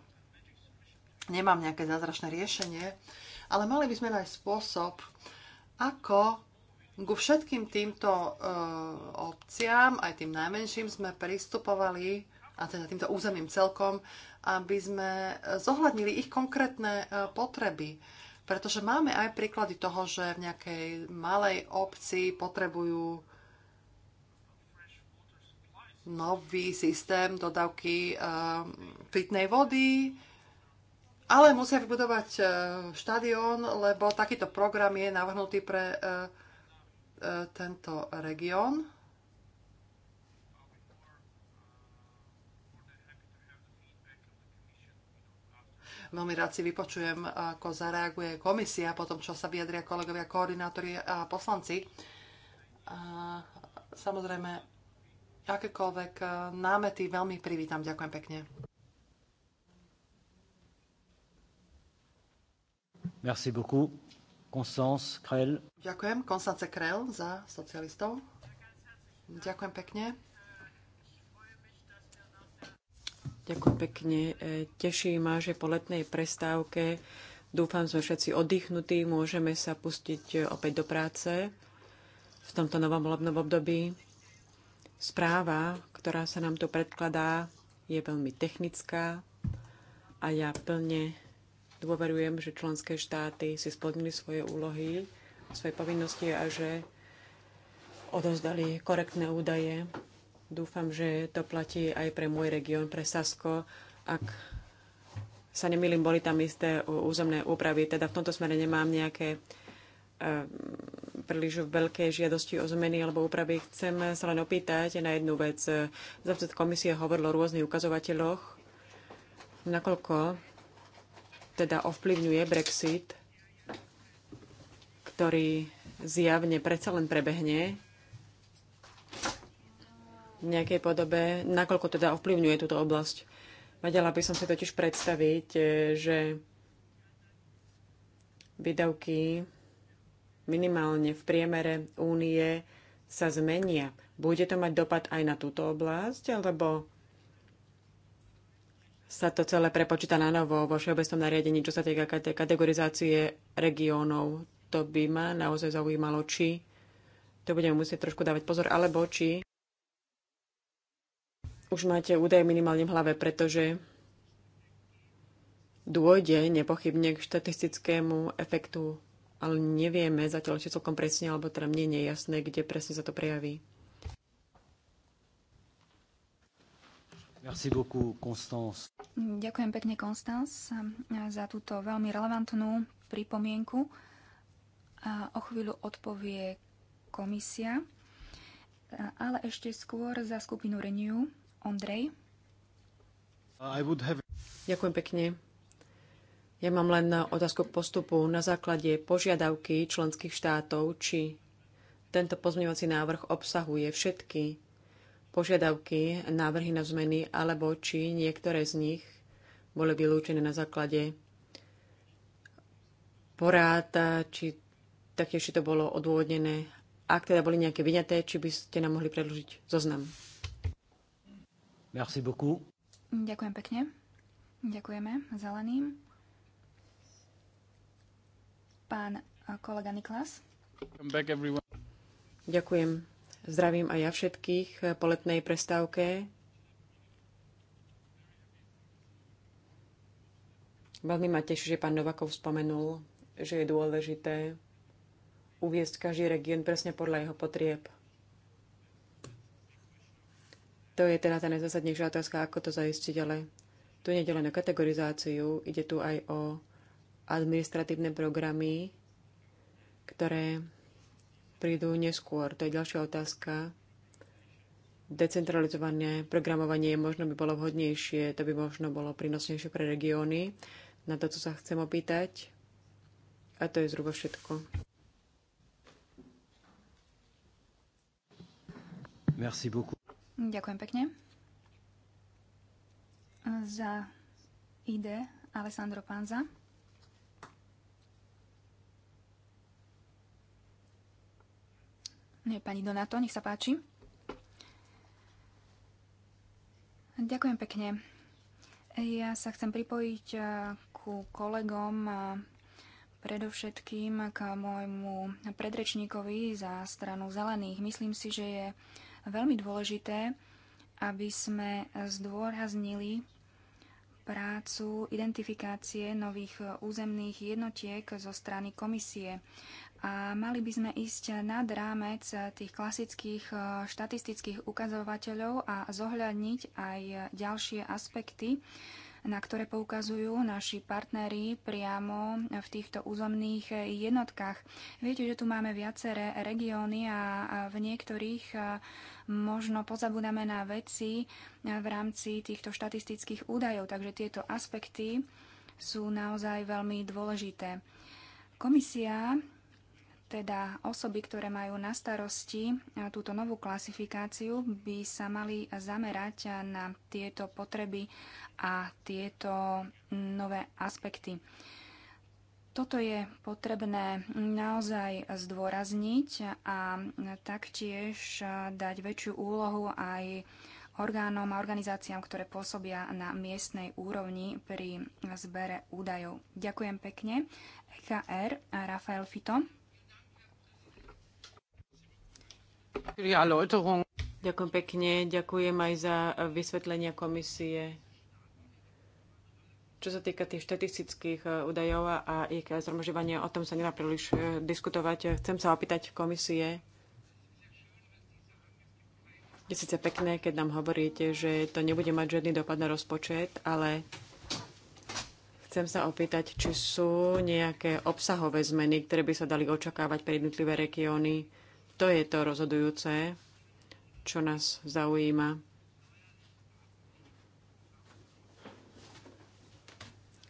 Nemám nejaké zázračné riešenie, ale mali by sme nájsť spôsob, ako ku všetkým týmto e, eh, obciám, aj tým najmenším, sme pristupovali, a teda týmto územím celkom, aby sme zohľadnili ich konkrétne e, potreby. Pretože máme aj príklady toho, že v nejakej malej obci potrebujú nový systém dodávky e, pitnej vody, ale musia vybudovať e, štadión, lebo takýto program je navrhnutý pre e, e, tento región. Veľmi rád si vypočujem, ako zareaguje komisia po tom, čo sa vyjadria kolegovia koordinátori a poslanci. A samozrejme, akékoľvek námety veľmi privítam. Ďakujem pekne. Merci beaucoup. Constance Krell. Ďakujem, Konstance Krell za socialistov. Ďakujem pekne. Ďakujem pekne. E, teší ma, že po letnej prestávke dúfam, sme všetci oddychnutí, môžeme sa pustiť e, opäť do práce v tomto novom volebnom období. Správa, ktorá sa nám tu predkladá, je veľmi technická a ja plne Dôverujem, že členské štáty si splnili svoje úlohy, svoje povinnosti a že odozdali korektné údaje. Dúfam, že to platí aj pre môj región, pre Sasko. Ak sa nemýlim, boli tam isté územné úpravy, teda v tomto smere nemám nejaké e, príliš veľké žiadosti o zmeny alebo úpravy. Chcem sa len opýtať na jednu vec. Zavzad komisie hovorilo o rôznych ukazovateľoch, nakoľko teda ovplyvňuje Brexit, ktorý zjavne predsa len prebehne v nejakej podobe, nakoľko teda ovplyvňuje túto oblasť. Vedela by som si totiž predstaviť, e, že výdavky minimálne v priemere únie sa zmenia. Bude to mať dopad aj na túto oblasť, alebo sa to celé prepočíta na novo vo všeobecnom nariadení, čo sa týka kategorizácie regiónov. To by ma naozaj zaujímalo, či to budeme musieť trošku dávať pozor, alebo či už máte údaje minimálne v hlave, pretože dôjde nepochybne k štatistickému efektu, ale nevieme zatiaľ ešte celkom presne, alebo teda mne nie je jasné, kde presne sa to prejaví. Merci beaucoup, Constance. Ďakujem pekne, Konstanz, za túto veľmi relevantnú pripomienku. A o chvíľu odpovie komisia, ale ešte skôr za skupinu Renew Ondrej. Have... Ďakujem pekne. Ja mám len otázku k postupu na základe požiadavky členských štátov, či tento pozmeňovací návrh obsahuje všetky požiadavky, návrhy na zmeny, alebo či niektoré z nich boli vylúčené na základe porád, či taktiež to bolo odôvodnené. Ak teda boli nejaké vyňaté, či by ste nám mohli predložiť zoznam. Merci beaucoup. Ďakujem pekne. Ďakujeme zeleným. Pán kolega Niklas. Ďakujem. Zdravím aj ja všetkých eh, po letnej prestávke. Veľmi ma teší, že pán Novakov spomenul, že je dôležité uviezť každý región presne podľa jeho potrieb. To je teda tá najzásadnejšia otázka, ako to zaistiť, ale tu nie len o kategorizáciu, ide tu aj o administratívne programy, ktoré prídu neskôr. To je ďalšia otázka. Decentralizované programovanie možno by bolo vhodnejšie, to by možno bolo prínosnejšie pre regióny. Na to, čo sa chcem opýtať. A to je zhruba všetko. Merci beaucoup. Ďakujem pekne. Za ide Alessandro Panza. Pani Donato, nech sa páči. Ďakujem pekne. Ja sa chcem pripojiť eh, ku kolegom eh, predovšetkým k môjmu predrečníkovi za stranu zelených. Myslím si, že je veľmi dôležité, aby sme zdôraznili prácu identifikácie nových územných jednotiek zo strany komisie a mali by sme ísť nad rámec tých klasických eh, štatistických ukazovateľov a zohľadniť aj ďalšie aspekty, na ktoré poukazujú naši partnery priamo v týchto územných eh, jednotkách. Viete, že tu máme viaceré regióny a v niektorých eh, možno pozabudáme na veci v rámci týchto štatistických údajov, takže tieto aspekty sú naozaj veľmi dôležité. Komisia teda osoby, ktoré majú na starosti túto novú klasifikáciu, by sa mali zamerať na tieto potreby a tieto nové aspekty. Toto je potrebné naozaj zdôrazniť a taktiež dať väčšiu úlohu aj orgánom a organizáciám, ktoré pôsobia na miestnej úrovni pri zbere údajov. Ďakujem pekne. EKR Rafael Fito. Ďakujem pekne, ďakujem aj za vysvetlenia komisie. Čo sa týka tých štatistických eh, údajov a ich zhromažďovania, o tom sa nedá príliš eh, diskutovať. Chcem sa opýtať komisie. Je síce pekné, keď nám hovoríte, že to nebude mať žiadny dopad na rozpočet, ale chcem sa opýtať, či sú nejaké obsahové zmeny, ktoré by sa dali očakávať pre jednotlivé regióny to je to rozhodujúce, čo nás zaujíma.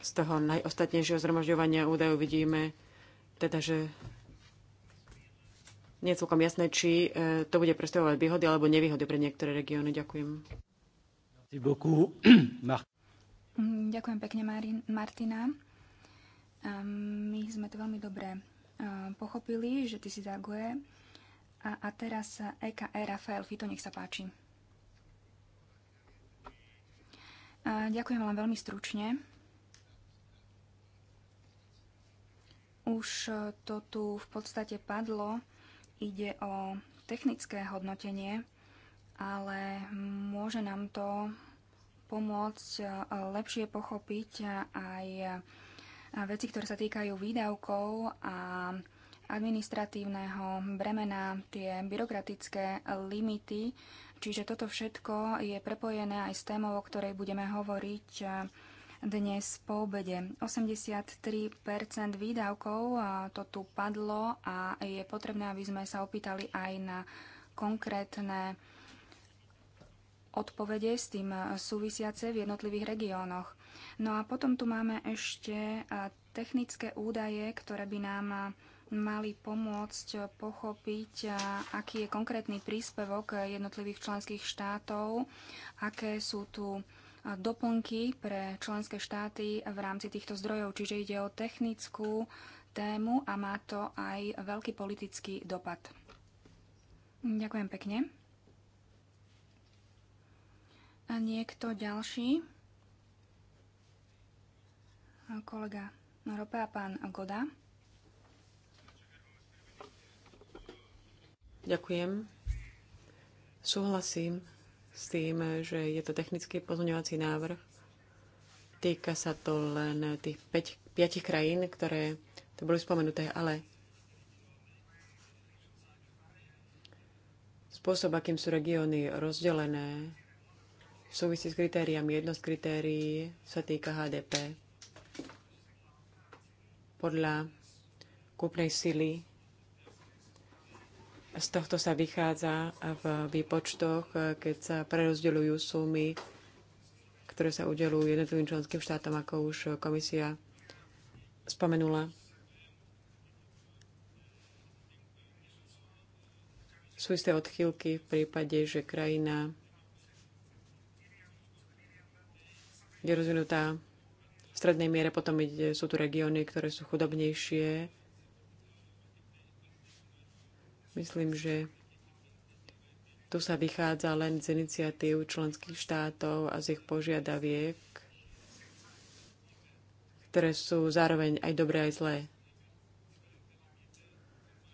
Z toho najostatnejšieho zhromažďovania údajov vidíme, teda, že nie je celkom jasné, či e, to bude predstavovať výhody alebo nevýhody pre niektoré regióny. Ďakujem. Mm, ďakujem pekne, Martina. Ehm, my sme to veľmi dobre e, pochopili, že ty si zaguje. A, a teraz EKR eh, e e, Rafael Fito, nech sa páči. A ďakujem vám veľmi stručne. Už eh, to tu v podstate padlo. Ide o technické hodnotenie, ale môže nám to pomôcť eh, lepšie pochopiť aj veci, ktoré sa týkajú výdavkov a administratívneho bremena, tie byrokratické limity. Čiže toto všetko je prepojené aj s témou, o ktorej budeme hovoriť eh, dnes po obede. 83 výdavkov eh, to tu padlo a je potrebné, aby sme sa opýtali aj na konkrétne odpovede s tým eh, súvisiace v jednotlivých regiónoch. No a potom tu máme ešte technické údaje, ktoré by nám mali pomôcť pochopiť, aký je konkrétny príspevok jednotlivých členských štátov, aké sú tu doplnky pre členské štáty v rámci týchto zdrojov. Čiže ide o technickú tému a má to aj veľký politický dopad. Ďakujem pekne. A niekto ďalší? Kolega Rope a pán Goda. Ďakujem. Súhlasím s tým, že je to technický pozmeňovací návrh. Týka sa to len tých 5, 5 krajín, ktoré to boli spomenuté, ale spôsob, akým sú regióny rozdelené, súvisí s kritériami. Jedno z kritérií sa týka HDP. Podľa kúpnej sily z tohto sa vychádza v výpočtoch, keď sa prerozdeľujú sumy, ktoré sa udelujú jednotlivým členským štátom, ako už komisia spomenula. Sú isté odchýlky v prípade, že krajina je rozvinutá v strednej miere, potom sú tu regióny, ktoré sú chudobnejšie Myslím, že tu sa vychádza len z iniciatív členských štátov a z ich požiadaviek, ktoré sú zároveň aj dobré, aj zlé.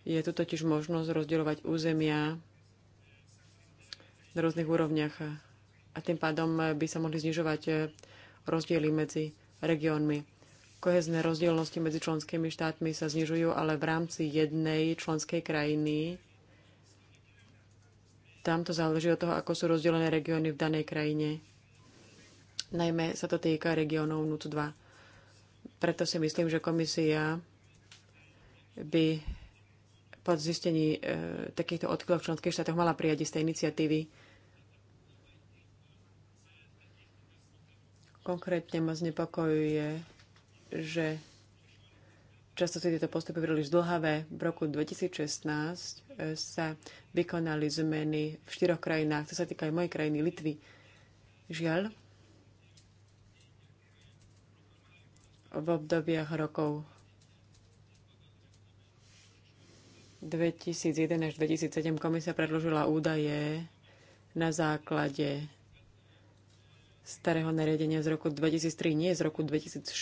Je tu totiž možnosť rozdielovať územia na rôznych úrovniach a tým pádom by sa mohli znižovať rozdiely medzi regiónmi. Kohezné rozdielnosti medzi členskými štátmi sa znižujú, ale v rámci jednej členskej krajiny tam to záleží od toho, ako sú rozdelené regióny v danej krajine. Najmä sa to týka regiónov NUC 2. Preto si myslím, že komisia by po zistení e, takýchto odkladov v členských štátoch mala prijať isté iniciatívy. Konkrétne ma znepokojuje že často si tieto postupy príliš dlhavé. V roku 2016 e, sa vykonali zmeny v štyroch krajinách, to sa týka aj mojej krajiny Litvy. Žiaľ, v obdobiach rokov 2001 až 2007 komisia predložila údaje na základe starého nariadenia z roku 2003, nie z roku 2016.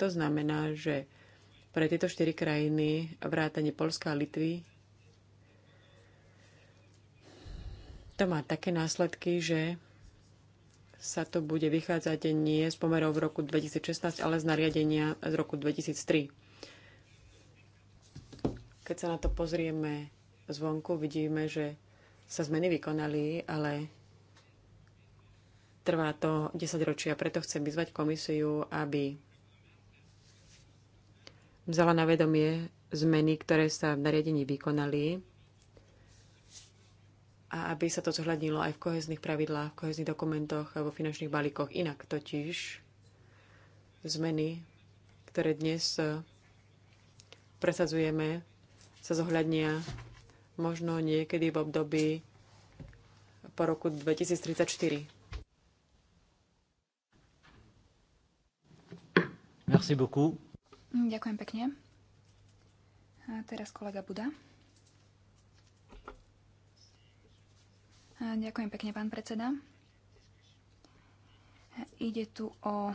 To znamená, že pre tieto štyri krajiny, vrátane Polska a Litvy, to má také následky, že sa to bude vychádzať nie z pomerov v roku 2016, ale z nariadenia z roku 2003. Keď sa na to pozrieme zvonku, vidíme, že sa zmeny vykonali, ale Trvá to 10 ročia, preto chcem vyzvať komisiu, aby vzala na vedomie zmeny, ktoré sa v nariadení vykonali a aby sa to zohľadnilo aj v kohezných pravidlách, v kohezných dokumentoch, vo finančných balíkoch. Inak totiž zmeny, ktoré dnes presadzujeme, sa zohľadnia možno niekedy v období po roku 2034. Merci beaucoup. Ďakujem pekne. A teraz kolega Buda. A ďakujem pekne, pán predseda. Ide tu o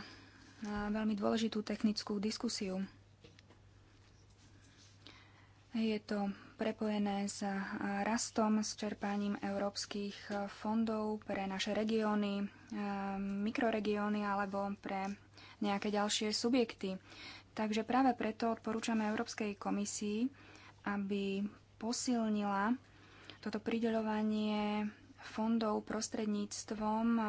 veľmi dôležitú technickú diskusiu. Je to prepojené s rastom, s čerpaním európskych fondov pre naše regióny, mikroregióny alebo pre nejaké ďalšie subjekty. Takže práve preto odporúčame Európskej komisii, aby posilnila toto prideľovanie fondov prostredníctvom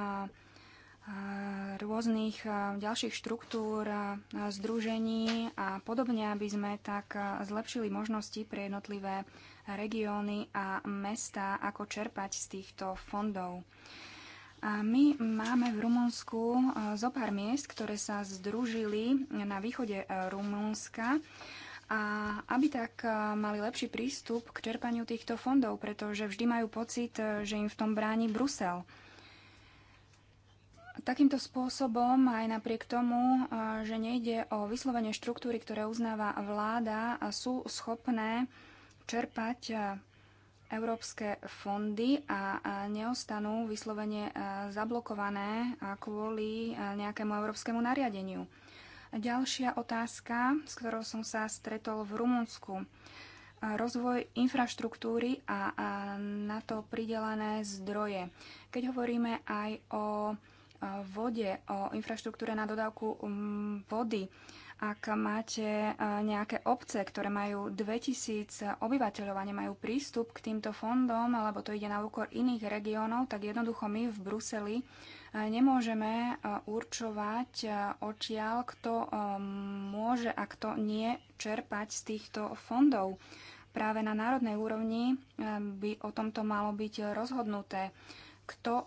rôznych ďalších štruktúr, združení a podobne, aby sme tak zlepšili možnosti pre jednotlivé regióny a mesta, ako čerpať z týchto fondov. A my máme v Rumunsku e, zo pár miest, ktoré sa združili na východe e, Rumunska, a aby tak e, mali lepší prístup k čerpaniu týchto fondov, pretože vždy majú pocit, že im v tom bráni Brusel. Takýmto spôsobom, aj napriek tomu, že nejde o vyslovene štruktúry, ktoré uznáva vláda, sú schopné čerpať európske fondy a neostanú vyslovene e, zablokované e, kvôli e, nejakému európskemu nariadeniu. Ďalšia otázka, s ktorou som sa stretol v Rumunsku. Rozvoj infraštruktúry a na to pridelené zdroje. Keď hovoríme aj o vode, o infraštruktúre na dodávku vody, ak máte nejaké obce, ktoré majú 2000 obyvateľov a nemajú prístup k týmto fondom, alebo to ide na úkor iných regiónov, tak jednoducho my v Bruseli nemôžeme určovať odtiaľ, kto môže a kto nie čerpať z týchto fondov. Práve na národnej úrovni by o tomto malo byť rozhodnuté kto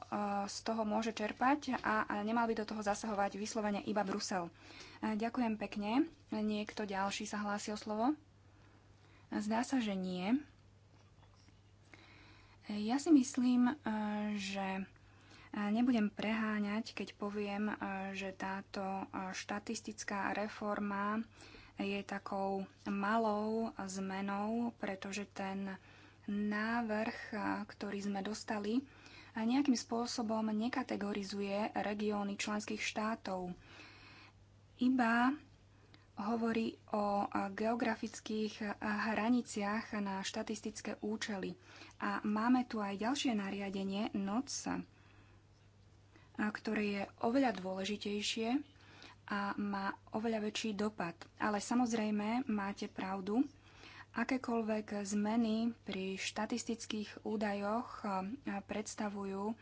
z toho môže čerpať a nemal by do toho zasahovať vyslovene iba Brusel. Ďakujem pekne. Niekto ďalší sa hlási o slovo? Zdá sa, že nie. Ja si myslím, e, že e, nebudem preháňať, keď poviem, e, že táto štatistická reforma je takou malou zmenou, pretože ten návrh, ktorý sme dostali, nejakým spôsobom nekategorizuje regióny členských štátov iba hovorí o geografických hraniciach na štatistické účely. A máme tu aj ďalšie nariadenie NOC, ktoré je oveľa dôležitejšie a má oveľa väčší dopad. Ale samozrejme máte pravdu, akékoľvek zmeny pri štatistických údajoch predstavujú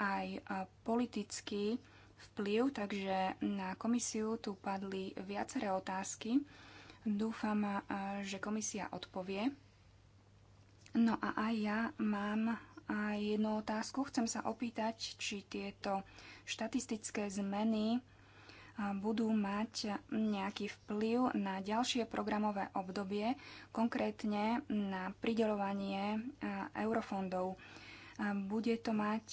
aj politický vplyv, takže na komisiu tu padli viaceré otázky. Dúfam, že komisia odpovie. No a aj ja mám aj jednu otázku. Chcem sa opýtať, či tieto štatistické zmeny budú mať nejaký vplyv na ďalšie programové obdobie, konkrétne na pridelovanie eurofondov. Bude to mať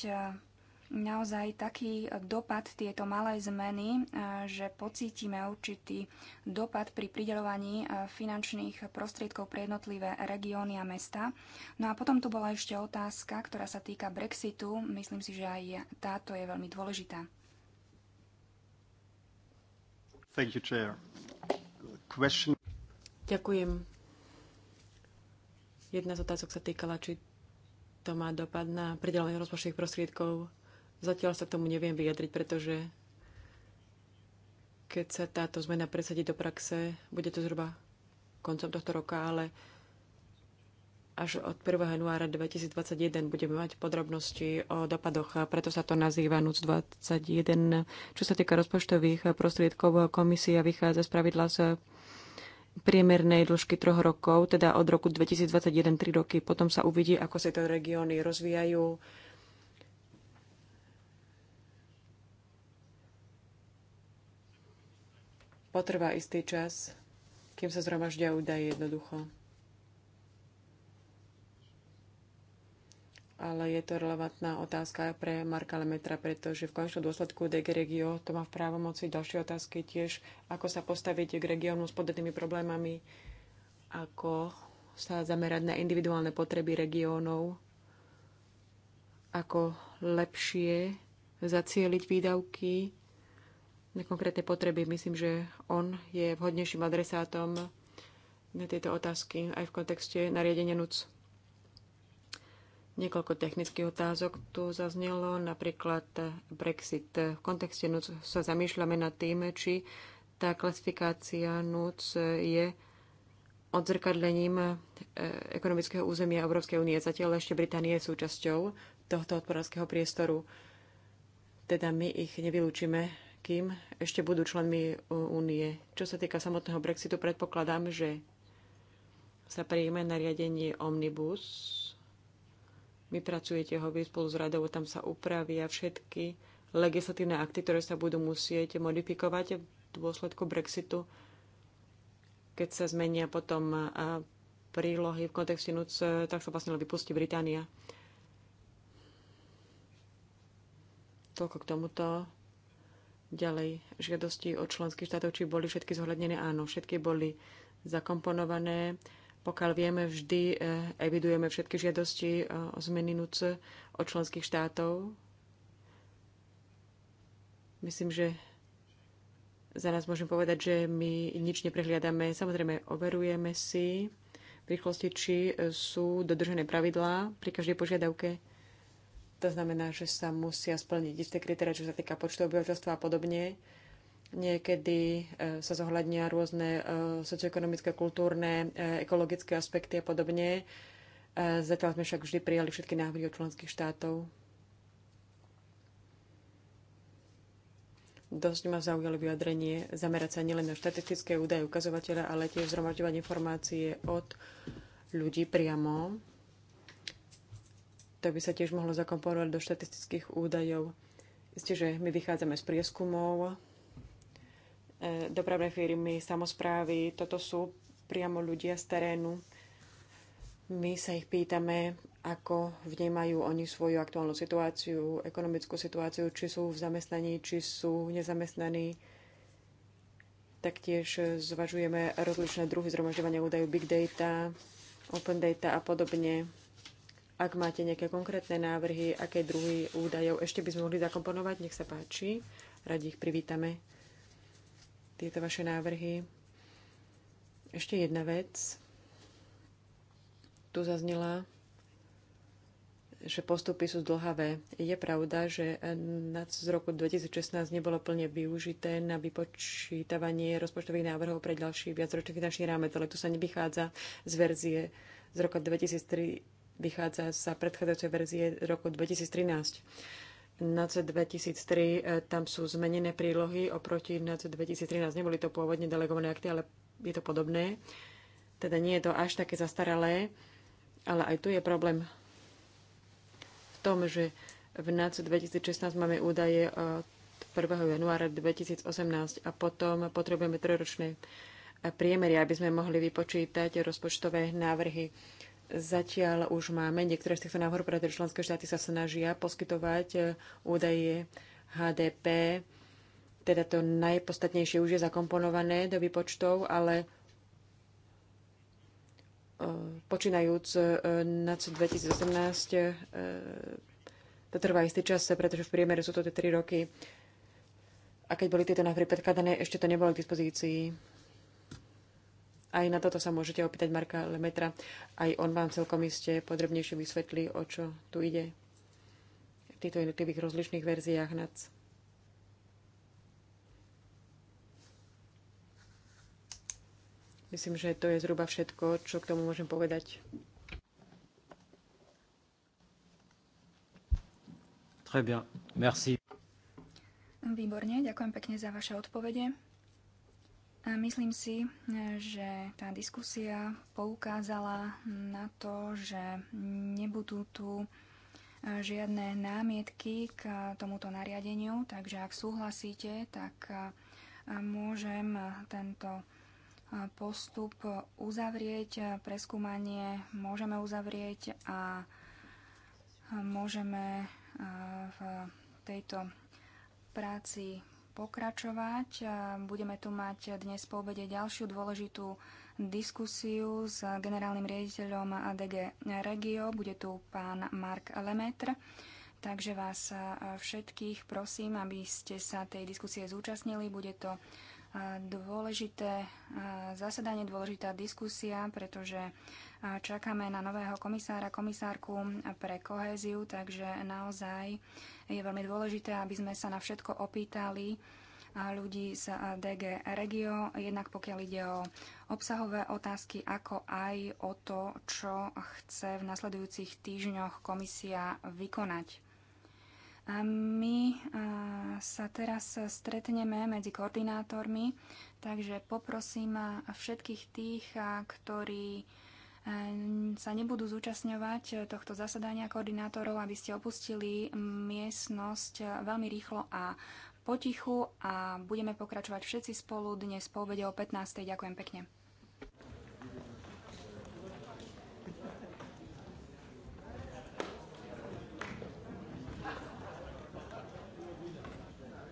naozaj taký dopad tieto malé zmeny, e, že pocítime určitý dopad pri prideľovaní e, finančných prostriedkov pre jednotlivé regióny a mesta. No a potom tu bola ešte otázka, ktorá sa týka Brexitu. Myslím si, že aj táto je veľmi dôležitá. Thank you, Chair. Question... Ďakujem. Jedna z otázok sa týkala, či to má dopad na pridelovanie rozpočtových prostriedkov Zatiaľ sa k tomu neviem vyjadriť, pretože keď sa táto zmena presadí do praxe, bude to zhruba koncom tohto roka, ale až od 1. januára 2021 budeme mať podrobnosti o dopadoch, preto sa to nazýva NUC 21. Čo sa týka rozpočtových prostriedkov, komisia vychádza z pravidla z priemernej dĺžky troch rokov, teda od roku 2021 3 roky. Potom sa uvidí, ako sa tie regióny rozvíjajú, potrvá istý čas, kým sa zhromaždia údaje jednoducho. ale je to relevantná otázka pre Marka Lemetra, pretože v končnom dôsledku DG Regio to má v právomoci ďalšie otázky tiež, ako sa postaviť k regiónu s podobnými problémami, ako sa zamerať na individuálne potreby regiónov, ako lepšie zacieliť výdavky na konkrétne potreby. Myslím, že on je vhodnejším adresátom na tieto otázky aj v kontexte nariadenia NUC. Niekoľko technických otázok tu zaznelo, napríklad Brexit. V kontexte NUC sa zamýšľame nad tým, či tá klasifikácia NUC je odzrkadlením e, ekonomického územia Európskej únie. Zatiaľ ešte Británie je súčasťou tohto hospodárskeho priestoru. Teda my ich nevylúčime kým ešte budú členmi e, únie. Čo sa týka samotného Brexitu, predpokladám, že sa príjme nariadenie Omnibus. Vypracujete ho vy spolu s radou, tam sa upravia všetky legislatívne akty, ktoré sa budú musieť modifikovať v dôsledku Brexitu, keď sa zmenia potom e, prílohy v kontexte NUC, tak sa vlastne vypustí Británia. Toľko k tomuto. Ďalej, žiadosti od členských štátov, či boli všetky zohľadnené? Áno, všetky boli zakomponované. Pokiaľ vieme, vždy eh, evidujeme všetky žiadosti eh, o zmeny NUC od členských štátov. Myslím, že za nás môžem povedať, že my nič neprehliadame. Samozrejme, overujeme si v rýchlosti, či eh, sú dodržené pravidlá pri každej požiadavke to znamená, že sa musia splniť isté kritéria, čo sa týka počtu obyvateľstva a podobne. Niekedy e, sa zohľadnia rôzne e, socioekonomické, kultúrne, e, ekologické aspekty a podobne. Zatiaľ sme však vždy prijali všetky návrhy od členských štátov. Dosť ma zaujalo vyjadrenie zamerať sa nielen na štatistické údaje ukazovateľa, ale tiež zhromažďovať informácie od ľudí priamo to by sa tiež mohlo zakomponovať do štatistických údajov. Isté, že my vychádzame z prieskumov, e, dopravné firmy, samozprávy, toto sú priamo ľudia z terénu. My sa ich pýtame, ako vnímajú oni svoju aktuálnu situáciu, ekonomickú situáciu, či sú v zamestnaní, či sú nezamestnaní. Taktiež zvažujeme rozličné druhy zhromažďovania údajov, big data, open data a podobne. Ak máte nejaké konkrétne návrhy, aké druhy údajov ešte by sme mohli zakomponovať, nech sa páči. Radi ich privítame. Tieto vaše návrhy. Ešte jedna vec. Tu zaznela, že postupy sú zdlhavé. Je pravda, že z roku 2016 nebolo plne využité na vypočítavanie rozpočtových návrhov pre ďalší viacročný finančný rámec, ale tu sa nevychádza z verzie z roka 2003 vychádza sa predchádzajúcej verzie roku 2013. NAC 2003, tam sú zmenené prílohy oproti NAC 2013. Neboli to pôvodne delegované akty, ale je to podobné. Teda nie je to až také zastaralé, ale aj tu je problém v tom, že v NAC 2016 máme údaje od 1. januára 2018 a potom potrebujeme trojročné priemery, aby sme mohli vypočítať rozpočtové návrhy Zatiaľ už máme niektoré z týchto návrhov, pretože členské štáty sa snažia poskytovať e, údaje HDP, teda to najpodstatnejšie už je zakomponované do výpočtov, ale e, počínajúc e, na 2018 to trvá istý čas, pretože v priemere sú to tie 3 roky. A keď boli tieto návrhy predkladané, ešte to nebolo k dispozícii. Aj na toto sa môžete opýtať Marka Lemetra. Aj on vám celkom iste podrobnejšie vysvetlí, o čo tu ide v týchto jednotlivých rozlišných verziách NAC. Myslím, že to je zhruba všetko, čo k tomu môžem povedať. Très bien. Merci. Výborne, ďakujem pekne za vaše odpovede. Myslím si, že tá diskusia poukázala na to, že nebudú tu e, žiadne námietky k tomuto nariadeniu, takže ak súhlasíte, tak e, môžem tento e, postup uzavrieť, preskúmanie môžeme uzavrieť a môžeme v tejto práci pokračovať. Budeme tu mať dnes po obede ďalšiu dôležitú diskusiu s generálnym riaditeľom ADG Regio. Bude tu pán Mark Lemetr. Takže vás všetkých prosím, aby ste sa tej diskusie zúčastnili. Bude to dôležité zasadanie, dôležitá diskusia, pretože čakáme na nového komisára, komisárku pre kohéziu, takže naozaj je veľmi dôležité, aby sme sa na všetko opýtali ľudí z DG Regio, jednak pokiaľ ide o obsahové otázky, ako aj o to, čo chce v nasledujúcich týždňoch komisia vykonať. A my sa teraz stretneme medzi koordinátormi, takže poprosím všetkých tých, ktorí e, sa nebudú zúčastňovať tohto zasadania koordinátorov, aby ste opustili miestnosť veľmi rýchlo a potichu a budeme pokračovať všetci spolu dnes po obede o 15. Ďakujem pekne.